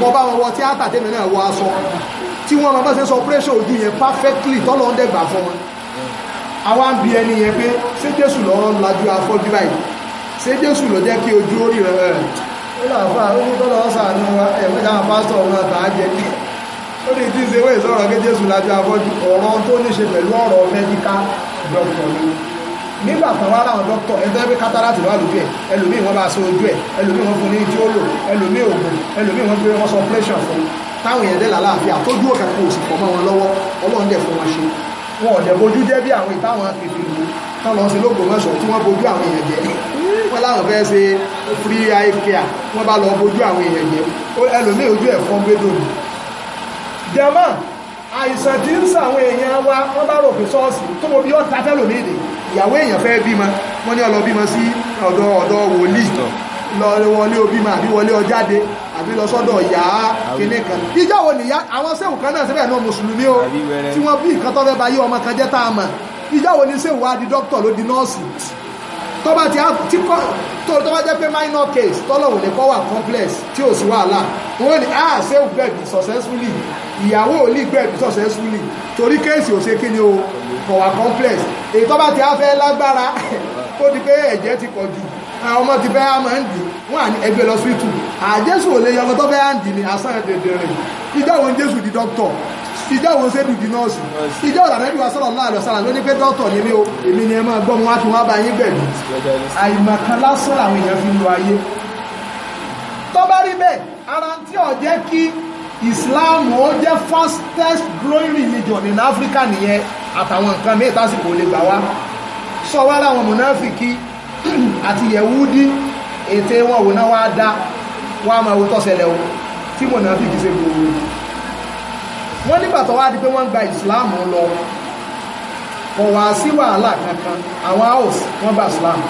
Speaker 2: wọ́n bá wọn wọ tíátà tẹ́mi náà wọ aṣọ tí wọ́n máa bá ṣe ojú yẹn perfectly tọ́lọ́ dẹ̀gbà fún wọn àwa ń ẹni yẹn pé ṣé Jésù lọ lajú afọ́jú báyìí ṣé Jésù lọ jẹ́ kí ojú ó rẹ̀ rẹ̀ ó làwọn àwọn ohun sàánú ẹ̀wọ́n pásítọ̀ wọn tà á nígbà kan wá láwọn dókítọ̀ ẹgbẹ́ pé kátàràtì wà lójú ẹ̀ ẹlòmíì wọ́n bá ṣe ojú ẹ̀ ẹlòmíì wọ́n fún ní jíólò ẹlòmíì ògùn ẹlòmíì wọ́n gbé wọ́n sọ operation fún táwọn èèyàn dé làlàáfíà tó dúró kankan òsì pọ̀ mọ́ wọn lọ́wọ́ ọlọ́run dẹ̀ fún wọn ṣe wọn ọ̀dẹ̀ bojú jẹ́ bí àwọn ìtàwọn pèpè ìlú táwọn lọ́n ṣe lógbòmọ̀ṣọ́ tí wọ́n bojú àwọn èèyàn jẹ́ wọ́n láwọn fẹ́ ṣe free eye care wọ́n bá lọ bojú àwọn èèyàn jẹ́ ẹlòmíì ojú ẹ̀ fọ́n gbẹ́dọ̀ ni. jẹ́mọ́ àìsàn tí ń sàwọn èèyàn wa wọ́n bá rò pé ṣọ́ọ̀ṣì tó mo bí ọ́ ta fẹ́ nìyí ìyàwó èèyàn fẹ́ bímọ wọ́n ní ọlọ bímọ sí ọ̀dọ̀ ọ̀dọ̀ wòlíì lọ wọlé obímọ àbí wọlé ọjáde àbí lọ sọ́dọ̀ ìyá kíní kan ìjọ wo nìyá àwọn sẹ́wù kan náà síbẹ̀ náà mùsùlùmí o tí wọ́n bí ìkan tọ́fẹ́ bá yí ọmọ kan jẹ́ tá a mọ̀ ìjọ wo ni sẹ́wù wá di dókítà ló di nọ́ọ̀sì tọ́ba ti á tí kọ́ tó tọ́ba jẹ́ pé minor case tọ́lọ̀wò lè kọ́ wà complex tí ò sí wàhálà wọ́n ní ah save gbẹ̀bí successfully ìyàwó ò lè gbẹ̀bí successfully torí kéèsì ò ṣe kí ni o kọ̀ wà complex èyí tọ́ba ti á fẹ́ lágbára [laughs] ó di pé ẹ̀jẹ̀ ti pọ̀ jù ọmọ ti fẹ́ á máa ń dì wọ́n à ní ẹgbẹ́ lọ sí tù àjẹsù ò lè yọ ọmọ tó fẹ́ a ń dì ní asán dèdè rẹ̀ ìjọ òun jésù di dókítọ̀ ìjọ òun ṣe dùdú nọ́ọ̀sì ìjọ ọ̀làdẹ́bí wa sọ̀rọ̀ láàlọ́ sára ló pé dọ́tọ̀ ni mí o èmi ni ẹ máa gbọ́ wọn fi wọn bá yín bẹ̀rù àìmọ̀kan lásán làwọn èèyàn fi lu ayé tó bá rí bẹ́ẹ̀ ara tí ò jẹ́ kí Islam ó jẹ́ fastest growing religion in Africa nìyẹn àtàwọn nǹkan míì tásìkò lè gbà wá sọ wá láwọn mùnáfìkì àti yẹ̀wúdí ète wọn wò náà wá dá wọn a máa wo tọ́sẹ̀lẹ̀ o tí mùnáfìkì ṣe gbòòrò wọ́n nígbà tó wá di pé wọ́n gba islam lọ kò wá sí wàhálà kankan àwọn haus wọ́n gba islam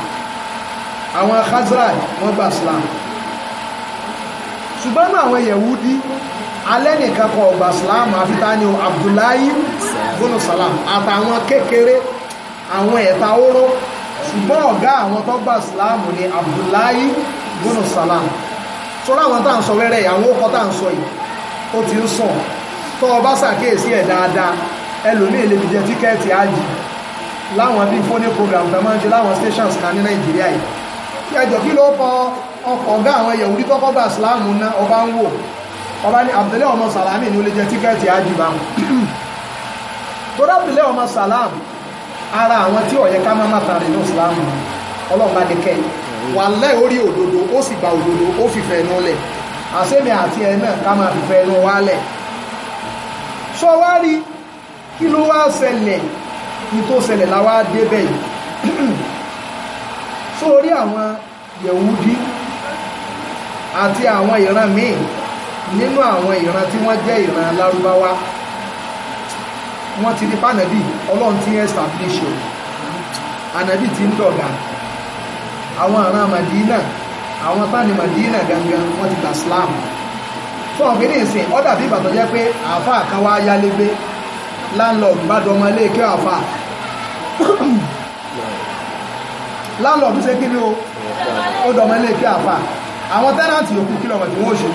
Speaker 2: àwọn khazraj wọ́n gba islam ṣùgbọ́n náà àwọn yẹ̀wúdí alẹ́ nìkan kọ ọgbà islam àfitáni abdullahi bùnú salam àtàwọn kékeré àwọn ẹ̀ta oró ṣùgbọ́n ọ̀gá àwọn tó gba islam ni abdullahi bùnú salam sọ́rọ́ àwọn tá à ń sọ wẹ́rẹ́ àwọn ó kọ́ tá à ń sọ yìí ó ti ń sọ tọ́ ọ bá ṣàkíyèsí ẹ̀ dáadáa ẹlòmíì lè fi jẹ tíkẹ́ẹ̀tì ààyè láwọn bíi fóní program tó máa ń ṣe láwọn stations kan ní nàìjíríà yìí ẹjọ́ kí ló kọ ọkọ̀ ọ̀gá àwọn ẹ̀yẹ̀ orí tọ́kọ́ bá ìsìláàmù ná ọba ń wò ọba ní Abdullahi ọmọ sàlámì ni ó lè jẹ tíkẹ́ẹ̀tì ààyè bá wọn torí Abdullahi ọmọ sàlámù ara àwọn tí ọ̀yẹ́ ká má má tàrí ní ìsìláàmù ọlọ́ọ̀bá ní kẹ́yìn wàlẹ́ orí òdodo ó sì gba òdodo ó fìfẹ́ nú lẹ̀ àṣẹ́mi àti ẹ̀ náà ká máa fìfẹ́ sọ wá rí kí ló wá ṣẹlẹ̀ ní tó ṣẹlẹ̀ láwá débẹ̀ yìí sórí àwọn yẹ̀wúdí àti àwọn ìran míì nínú àwọn ìran tí wọ́n jẹ́ ìran lárúbáwá wọ́n ti ní pànàbí ọlọ́run ti establish o ànàbí ti ń dọ̀gà àwọn ìran Màdínà àwọn tani Màdínà gangan wọ́n ti gbà Islam fún ọ̀gbìn ní ìsìn ọ̀dà bí ìbàdàn jẹ́ pé àáfàá kan wá yálégbé láńlọ́ọ̀dù bá dọmọ ilé kí àáfàá láńlọ́ọ̀dù ṣe kí ni o ó dọmọ ilé kí àáfàá àwọn tẹ́nàntì yòókù kí lọ́mọ tí wọ́n ṣe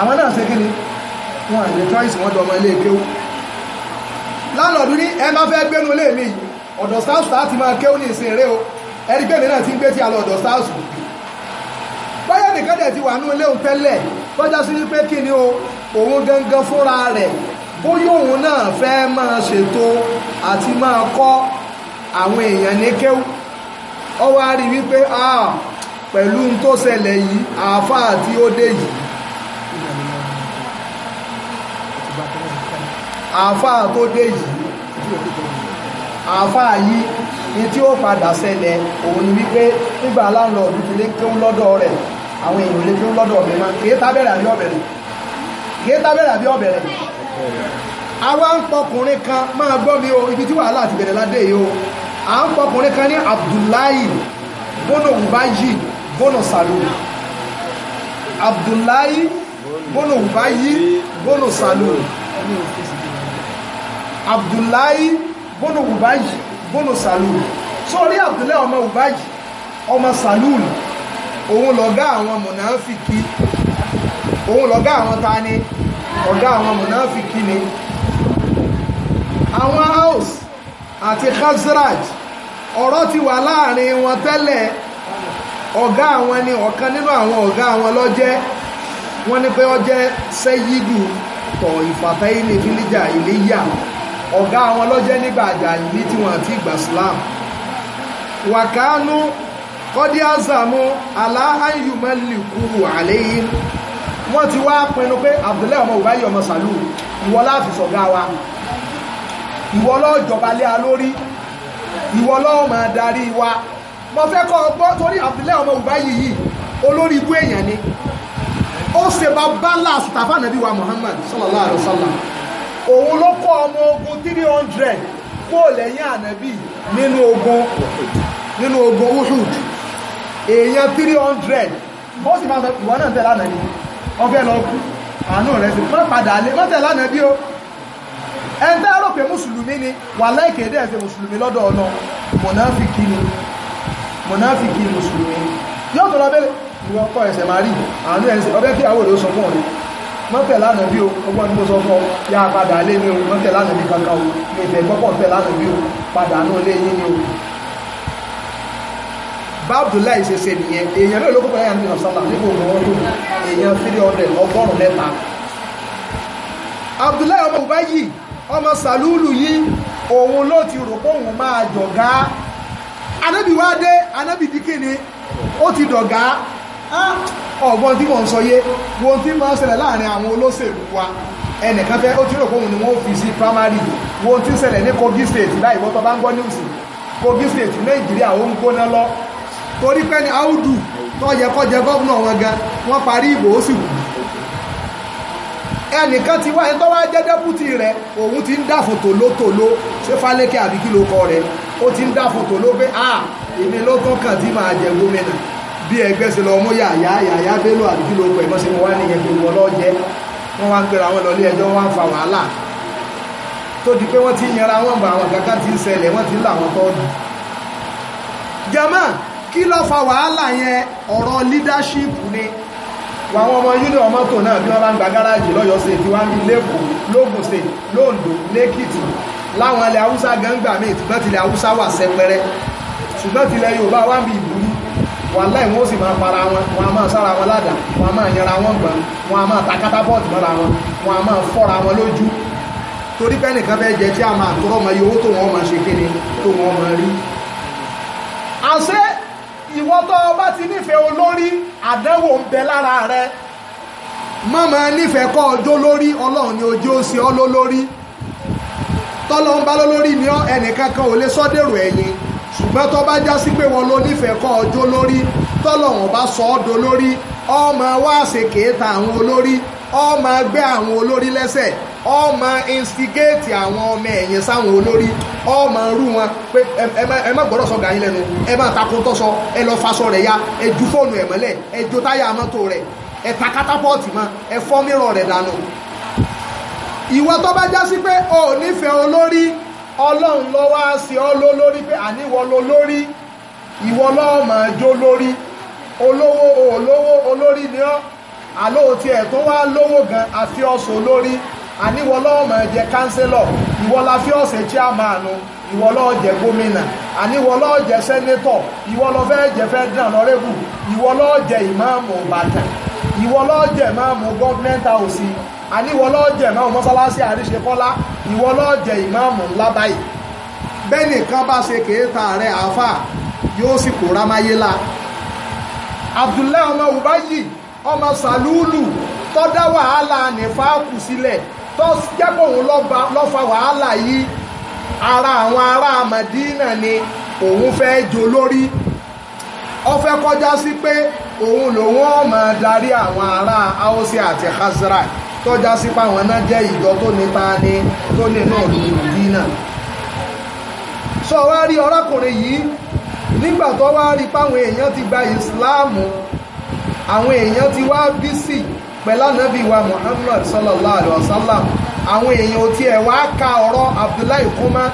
Speaker 2: àwọn náà ṣe kí ni wọn àlè tọ́ìsì wọn dọmọ ilé kéwú láńlọ́ọ̀dù ní ẹ má fẹ́ gbénu ilé mi yìí ọ̀dọ̀ sáàsù láti máa kéwú ní ìsìn eré o ẹni gbẹ̀mí náà ti ń gbé ti alọ́ ọ̀dọ̀ sáàsù báyọ̀ nìkan dẹ̀ ti wà ní ilé òun tẹ́lẹ̀ kọjá sí wípé kí ni o òun gangan fúnra rẹ̀ bóyá òun náà fẹ́ máa ṣètò àti máa kọ́ àwọn èèyàn ní kéwú ọ wá rí wípé pẹ̀lú n tó ṣẹlẹ̀ yìí àáfàá tí ó dé yìí àáfàá tó dé yìí àáfàá yìí ní tí ó padà ṣẹlẹ̀ òun ni wípé nígbà láńlọ́ọ̀dù ti lé kéwú lọ́dọ̀ rẹ̀ àwọn èèyàn lè dúró lọ́dọ̀ mi mọ́ kìí tábẹ̀rẹ̀ àbí ọ̀bẹ̀rẹ̀ kìí tábẹ̀rẹ̀ àbí ọ̀bẹ̀rẹ̀ àwa ń pọkùnrin kan máa gbọ́ mi o ibi tí wàhálà ti bẹ̀rẹ̀ ládé yìí o à ń pọkùnrin kan ní Abdullahi bono ubayi bono salome Abdullahi bono ubayi bono salome Abdullahi bono ubayi bono salome sórí Abdullahi ọmọ ubayi ọmọ salome òun lọ̀gá àwọn mùnáfìkì òun lọ̀gá àwọn ta ni ọ̀gá àwọn mùnáfìkì ni àwọn Aws àti Khazraj ọ̀rọ̀ ti wà láàrin wọn tẹ́lẹ̀ ọ̀gá àwọn ni ọ̀kan nínú àwọn ọ̀gá àwọn lọ́jẹ́ wọ́n ní pé ọjẹ́ sẹ́yídù tọ̀ ìfàtẹ́yìn ní fílíjà ìléyà ọ̀gá àwọn lọ́jẹ́ nígbà àjà ìlí tí wọ́n àti ìgbà Islam wàkánú kọ́dí àzàmú aláhàyùmọ́lìkúrù àléyìn wọ́n ti wá pinnu pé Abdullahi ọmọ Ubayy ọmọ Salul ìwọ láàfi sọ̀gá wa ìwọ lọ́ọ́ jọba lé a lórí ìwọ lọ́ọ́ máa darí wa mo fẹ́ kọ́ ọgbọ́ torí Abdullahi ọmọ Ubayy yìí olórí ibú èèyàn ni ó ṣe bá bálà sùtàfà nàbí wa Muhammad sallallahu alaihi wasallam òun ló kọ́ ọmọ ogun 300 kó lẹ́yìn ànábì nínú ogun nínú ogun Uhud èèyàn three hundred wọ́n sì máa sọ ìwọ náà tẹ̀ lánàá ni ọbẹ̀ lọ kú àánú rẹ̀ sì má padà lé má tẹ̀ lánàá bí o ẹgbẹ́ rò pé mùsùlùmí ni wà láìkè dẹ́ ẹ̀sẹ̀ mùsùlùmí lọ́dọ̀ ọ̀nà mọ̀náfíkì ni mọ̀náfíkì mùsùlùmí yóò tọ́lọ bẹ́lẹ̀ ìwọ kọ́ ẹ̀sẹ̀ máa rí àánú ẹ̀sẹ̀ ọbẹ̀ kí àwòrán sọ fún ọ̀rẹ́ mọ́tẹ̀ lánàá bí o ọgbọ́n ní mo sọ fún ọ yá padà lé ní o mọ́tẹ̀ lánàá bí kankan o lè bẹ̀ gbọ́pọ̀ tẹ̀ lánàá bí o padà náà lé yín ni o bá Abdullahi ṣe ṣe nìyẹn èèyàn mẹ́rin ló kó pẹ̀lú àyàmì ọ̀sánlá nígbà òun wọn tó èèyàn three hundred ọgọ́rùn mẹ́ta Abdullahi ọmọ òbá yìí ọmọ sàlúùlù yìí òun ló ti rò pé òun máa jọ̀gá anábì wá dé anábì díkìnì ó ti dọ̀gá ọ̀gbọ́n tí mò ń sọ yé wọn tí máa ń ṣẹlẹ̀ láàrin àwọn olóṣèlú wa ẹnìkan fẹ́ ó ti rò pé òun ni wọ́n primary wọn tí ń ṣẹlẹ̀ Kogi State láì wọ́n tó bá ń gbọ́ news Kogi State Nàìjíríà ó ń gbóná lọ torí pé ní áùdù tó yẹ wọn gan wọ́n parí ìbò ó sì kù ẹnìkan ti wá wá jẹ́ rẹ̀ òun ti ń dàfò tòlótòló ṣé àbí kí ló kọ rẹ̀ ó ti ń dàfò tòló pé ah, èmi ló tán kàn tí jẹ gómìnà bí ẹgbẹ́ sí yàyà yàyà bélò àbí kí ló pẹ̀ mọ́ sí mo wá nìyẹn pé wọ́n lọ jẹ́ wọ́n wá ń gbéra ti yanra wọn àwọn kankan ti kí ló fa wàhálà yẹn ọ̀rọ̀ leadership ni àwọn ọmọ union mọ́tò náà bí wọ́n bá ń gba gáràjì lọ́yọ́ state wọ́n bí lẹ́kọ̀ọ́ lógùn state londo lẹ́kìtì láwọn ilẹ̀ haúsá gangba míì ṣùgbọ́n tilẹ̀ haúsá wà sẹ́pẹ́rẹ́ ṣùgbọ́n tilẹ̀ yorùbá wà ń bí ìbúrú wàláì wọ́n sì máa para wọn wọn a máa sára wọn ládàá wọn a máa yanra wọn gbọ́n wọn a máa ta kátábọ́ọ̀tì mọ́ra wọn wọn a máa fọ́ra wọn lójú torí pé nìkan fẹ́ jẹ tí a máa tọrọ ọmọ yòówó tó wọn máa ṣe kéde tó wọn máa rí. àṣẹ ìwọ́n tó o bá ti nífẹ̀ẹ́ olórí àdánwò ń bẹ lára rẹ mọ́mọ́ nífẹ̀ẹ́ kọ́ ọjọ́ lórí ọlọ́run ni ojú ó ṣe ọ́ lólórí tọ́lọ́ ń bá lólórí ni ọ́ ẹnìkan kan ò lè sọ dèrò ẹ̀yìn ṣùgbọ́n tó bá já sí pé wọn ló nífẹ̀ẹ́ kọ́ ọjọ́ lórí tọ́lọ́run bá sọ ọ́ dolórí ọmọ wá ṣe kéèta àwọn olórí ọmọ gbé àwọn olórí lẹ́sẹ̀ ọmọ instigate àwọn ọmọ ẹ̀yìn sáwọn olórí ọmọ rú wọn pé ẹ má gbọ́dọ̀ sọ̀gà yín lẹ́nu ẹ má takò tọ́sọ ẹ lọ faṣọ rẹ̀ ya ẹ ju fóònù ẹ̀ mọ́lẹ̀ ẹ jó táyà mọ́tò rẹ̀ ẹ ta kátápọ́ọ̀tì mọ́ ẹ fọ́ mìíràn rẹ̀ dànù ìwọ tó bá já sí pé o ò nífẹ̀ẹ́ olórí ọlọ́run ló wá sí ọ lólórí pé àníwọ lólórí ìwọ lọ́ọ́ máa jó lórí olówó olówó olórí ni ọ́ àlóòtí ẹ̀ tó wá lówó gan àfi ọ̀sọ̀ lórí àníwọ lọ́ọ̀mọ̀ ẹ̀jẹ̀ kánsílọ̀ ìwọ la fi ọ̀sẹ̀ chairman ìwọ lọ́ọ̀ jẹ́ gómìnà àníwọ lọ́ọ̀ jẹ́ sẹ́nétọ̀ ìwọ lọ fẹ́ jẹ́ federal honorable ìwọ lọ́ọ̀ jẹ́ ìmáàmù Ìbàdàn ìwọ lọ́ọ̀ jẹ́ ìmáàmù government house àníwọ lọ́ọ̀ jẹ́ ìmáàmù mọ́sálásí àríṣekọ́lá ìwọ lọ́ọ̀ jẹ́ ìmáàmù ńlá báyìí bẹ́ẹ̀nì kan bá ṣe kèéta rẹ̀ àáfà yóò sì kó rámáyé la Abdullahi ọmọ Ubayi ọmọ Salulu tọ́dá wàhálà nífàákù sílẹ̀ tó jẹ́pọ̀ òun lọ́fà wàhálà yìí ara àwọn ará Màdínà ni òun fẹ́ jo lórí ó fẹ́ kọjá sí pé òun lòun ó máa darí àwọn ará Haúsí àti Khazraj tọ́já sí páwọn náà jẹ́ ìjọ tó nípa ni tó lè náà lù sọ wá rí ọlákùnrin yìí nígbà tó wá rí páwọn èèyàn ti gba ìsìláàmù àwọn èèyàn ti wá bí sí i pẹ̀lú ànábì wa Muhammad sallallahu alayhi wa sallam àwọn èèyàn ò tiẹ̀ wá ka ọ̀rọ̀ Abdullahi Kuma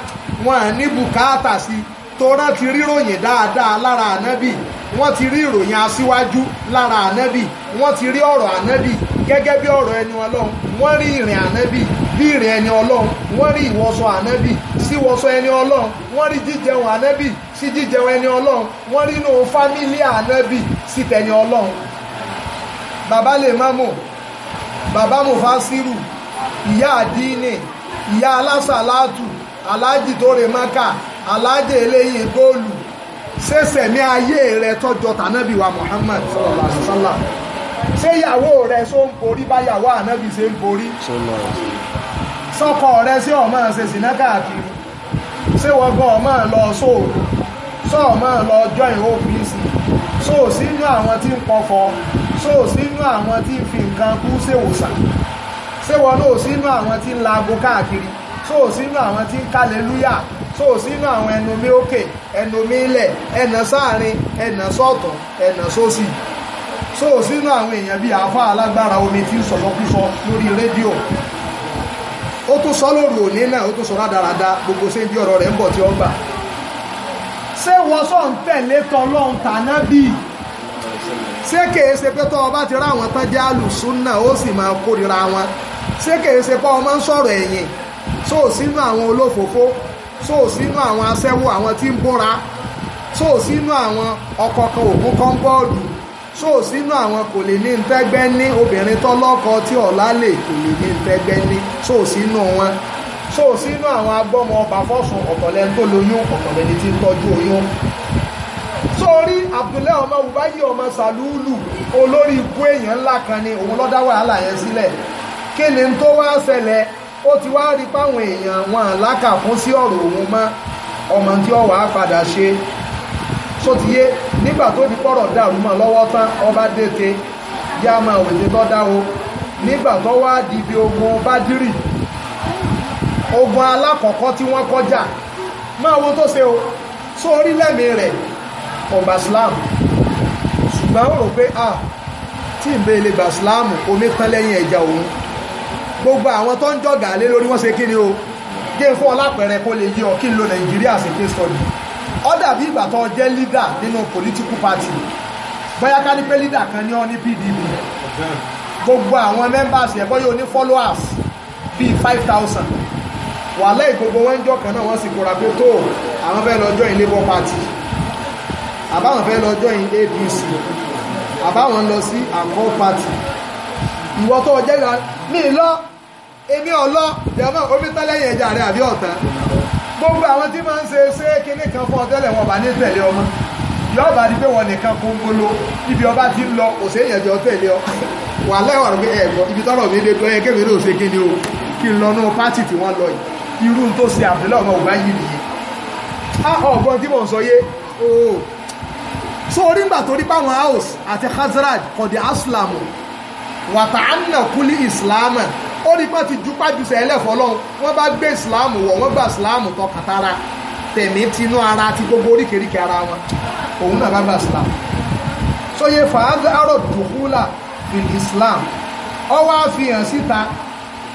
Speaker 2: wọn à ní bùkátà sí tó rán ti ríròyìn dáadáa lára ànábì wọ́n ti rí ìròyìn aṣíwájú lára ànábì wọ́n ti rí ọ̀rọ̀ ànábì gẹ́gẹ́ bí ọ̀rọ̀ ẹni ọlọ́run wọ́n rí ìrìn ànábì bí ìrìn ẹni ọlọ́run wọ́n rí ìwọṣọ ànábì sí ìwọṣọ ẹni ọlọ́run wọ́n rí jíjẹun ànábì sí jíjẹun ẹni ọlọ́run wọ́n rí inú fámílì ànábì sí tẹni ọlọ́run bàbá lè má mọ̀ bàbá mò fásírù ìyá àdínì ìyá alásàlátù aláàjì tó rè mọ́kà aláàjì eléyìn góòlù ṣẹ̀ṣẹ̀ ní ayé rẹ tọ́jọ́ tànábì wa Muhammad sallallahu alaihi wasallam ṣé ìyàwó rẹ ṣó ń borí báyàwó ànábì ṣe ń borí sọ́kọ rẹ ṣé ọmọ ṣe sìnà káàkiri ṣé wọ́n gbọ́ ọmọ lọ sóòrò sọ ọmọ lọ join hope music so sínú àwọn tí ń pọfọ so sínú àwọn tí ń fi nǹkan kú ṣèwòsàn ṣéwọ náà sínú àwọn tí ń la abo káàkiri so sínú àwọn tí ń kálẹlúyà so sínú àwọn ẹnumí òkè ẹnumí ilẹ̀ ẹnà sáàrin ẹnà sọ́ọ̀tọ̀ ẹnà sósì so sínú àwọn èèyàn bíi àáfà alágbára omi tí ń sọ̀rọ̀kúsọ lórí rédíò ó tún sọ lóru òní náà ó tún sọ rádaràda gbogbo séńdí ọ̀rọ̀ rẹ̀ ń bọ̀ tí ó gbà ṣé wọ́n sọ ń tẹ̀lé tọlọ́hun tànábì ṣé kèé ṣe pé tọ́ ọba ti rá àwọn tán jẹ́ àlùsùn náà ó sì máa kórìíra wọn ṣé kèé ṣe pé ọmọ ń sọ̀rọ̀ ẹ̀yìn tó sínú àwọn olófòfó tó sínú àwọn aṣẹ́wó àwọn tí ń búra tó sínú àwọn ọkọ̀ọ̀kan òkú kọ́ńbọ́ọ̀lù tó sínú àwọn kò lè ní ntẹ́gbẹ́ ní obìnrin tọ́lọ́kọ tí ọ̀la lè kò lè ní ntẹ́gbẹ́ ní tó sínú wọn so sínú àwọn agbọ́mọ ọba fọ́sùn ọ̀tọ̀lẹ́ tó lóyún ọ̀tọ̀lẹ́ni tí ń tọ́jú oyún sórí Abdullahi ọmọ Ubayi ọmọ Salulu olórí ikú èèyàn ńlá kan ni òun lọ́dá wàhálà yẹn sílẹ̀ kí ni tó wá ṣẹlẹ̀ ó ti wá rí páwọn èèyàn wọn àlákà fún sí ọ̀rọ̀ òun mọ́ ọmọ tí ó wà padà ṣe sótìyé nígbà tó di pọ̀rọ̀ dàrú mọ́ lọ́wọ́ tán ọba dètè yá máa wètè tọ́ dá o nígbà tó wá di ibi ogun Bádírì ogun alákọ̀ọ́kọ́ tí wọ́n kọjá máa wo tó ṣe o só orílẹ̀-èdè rẹ̀ ọba islam ṣùgbọ́n ó rò pé ah tí ìbẹ̀ ilé gba islam omi pẹ́ lẹ́yìn ẹja òun gbogbo àwọn tó ń jọ̀gà lé lórí wọ́n ṣe kí ni o gé fún ọlápẹ̀rẹ kó lè yí ọ kí n lo nàìjíríà sí case study ó dàbí ìgbà tó jẹ́ leader nínú political party bóyá ká ní pé leader kan ní ọ ní pdp gbogbo àwọn members yẹn bóyá o ní followers bíi five thousand wàhálà ìgbogbo wọn ń jọ kan náà wọ́n sì kóra pé tó àwọn fẹ́ lọ join labour party àbáwọn fẹ́ lọ join abc àbáwọn lọ sí àkọ́ party ìwọ tó jẹ́ ìlà mi lọ èmi ọlọ jẹmọ omi tẹlẹyìn ẹja rẹ àbí ọtá gbogbo àwọn tí máa ń ṣe ṣe kíní kan fún ọtẹlẹ wọn bá ní tẹ̀lé ọmọ yóò bá di pé wọn nìkan kó ń gbolo ibi ọba ti ń lọ òṣèré yẹn jọ tẹ̀lé ọ wà lẹwàá rẹ ẹgbọ ibi tọrọ mi dé tó yẹ kémi ní òṣèkí ni o kí n lọ nú pátì tí wọn lọ yìí irú tó ṣe àbílẹ̀ ọmọ ògbá yìí nìyí ọgbọ́n tí mò ń sọ yé ooo so orí ngbà tó rí páwọn house àti Khazraj kọ̀dí aslam wàtà anna kúlí islam ó rí pé ti jupá jùsẹ̀ ẹlẹ́fọ́ lọ́hùn wọ́n bá gbé islam wọ̀ wọ́n gba islam tọ kàtàrà tẹ̀mí tinú ara àti gbogbo oríkèéríkèé ara wọn òun náà bá gba islam sóye fàáza arọ dùkúlà fìlì islam ọwọ́ àfihàn síta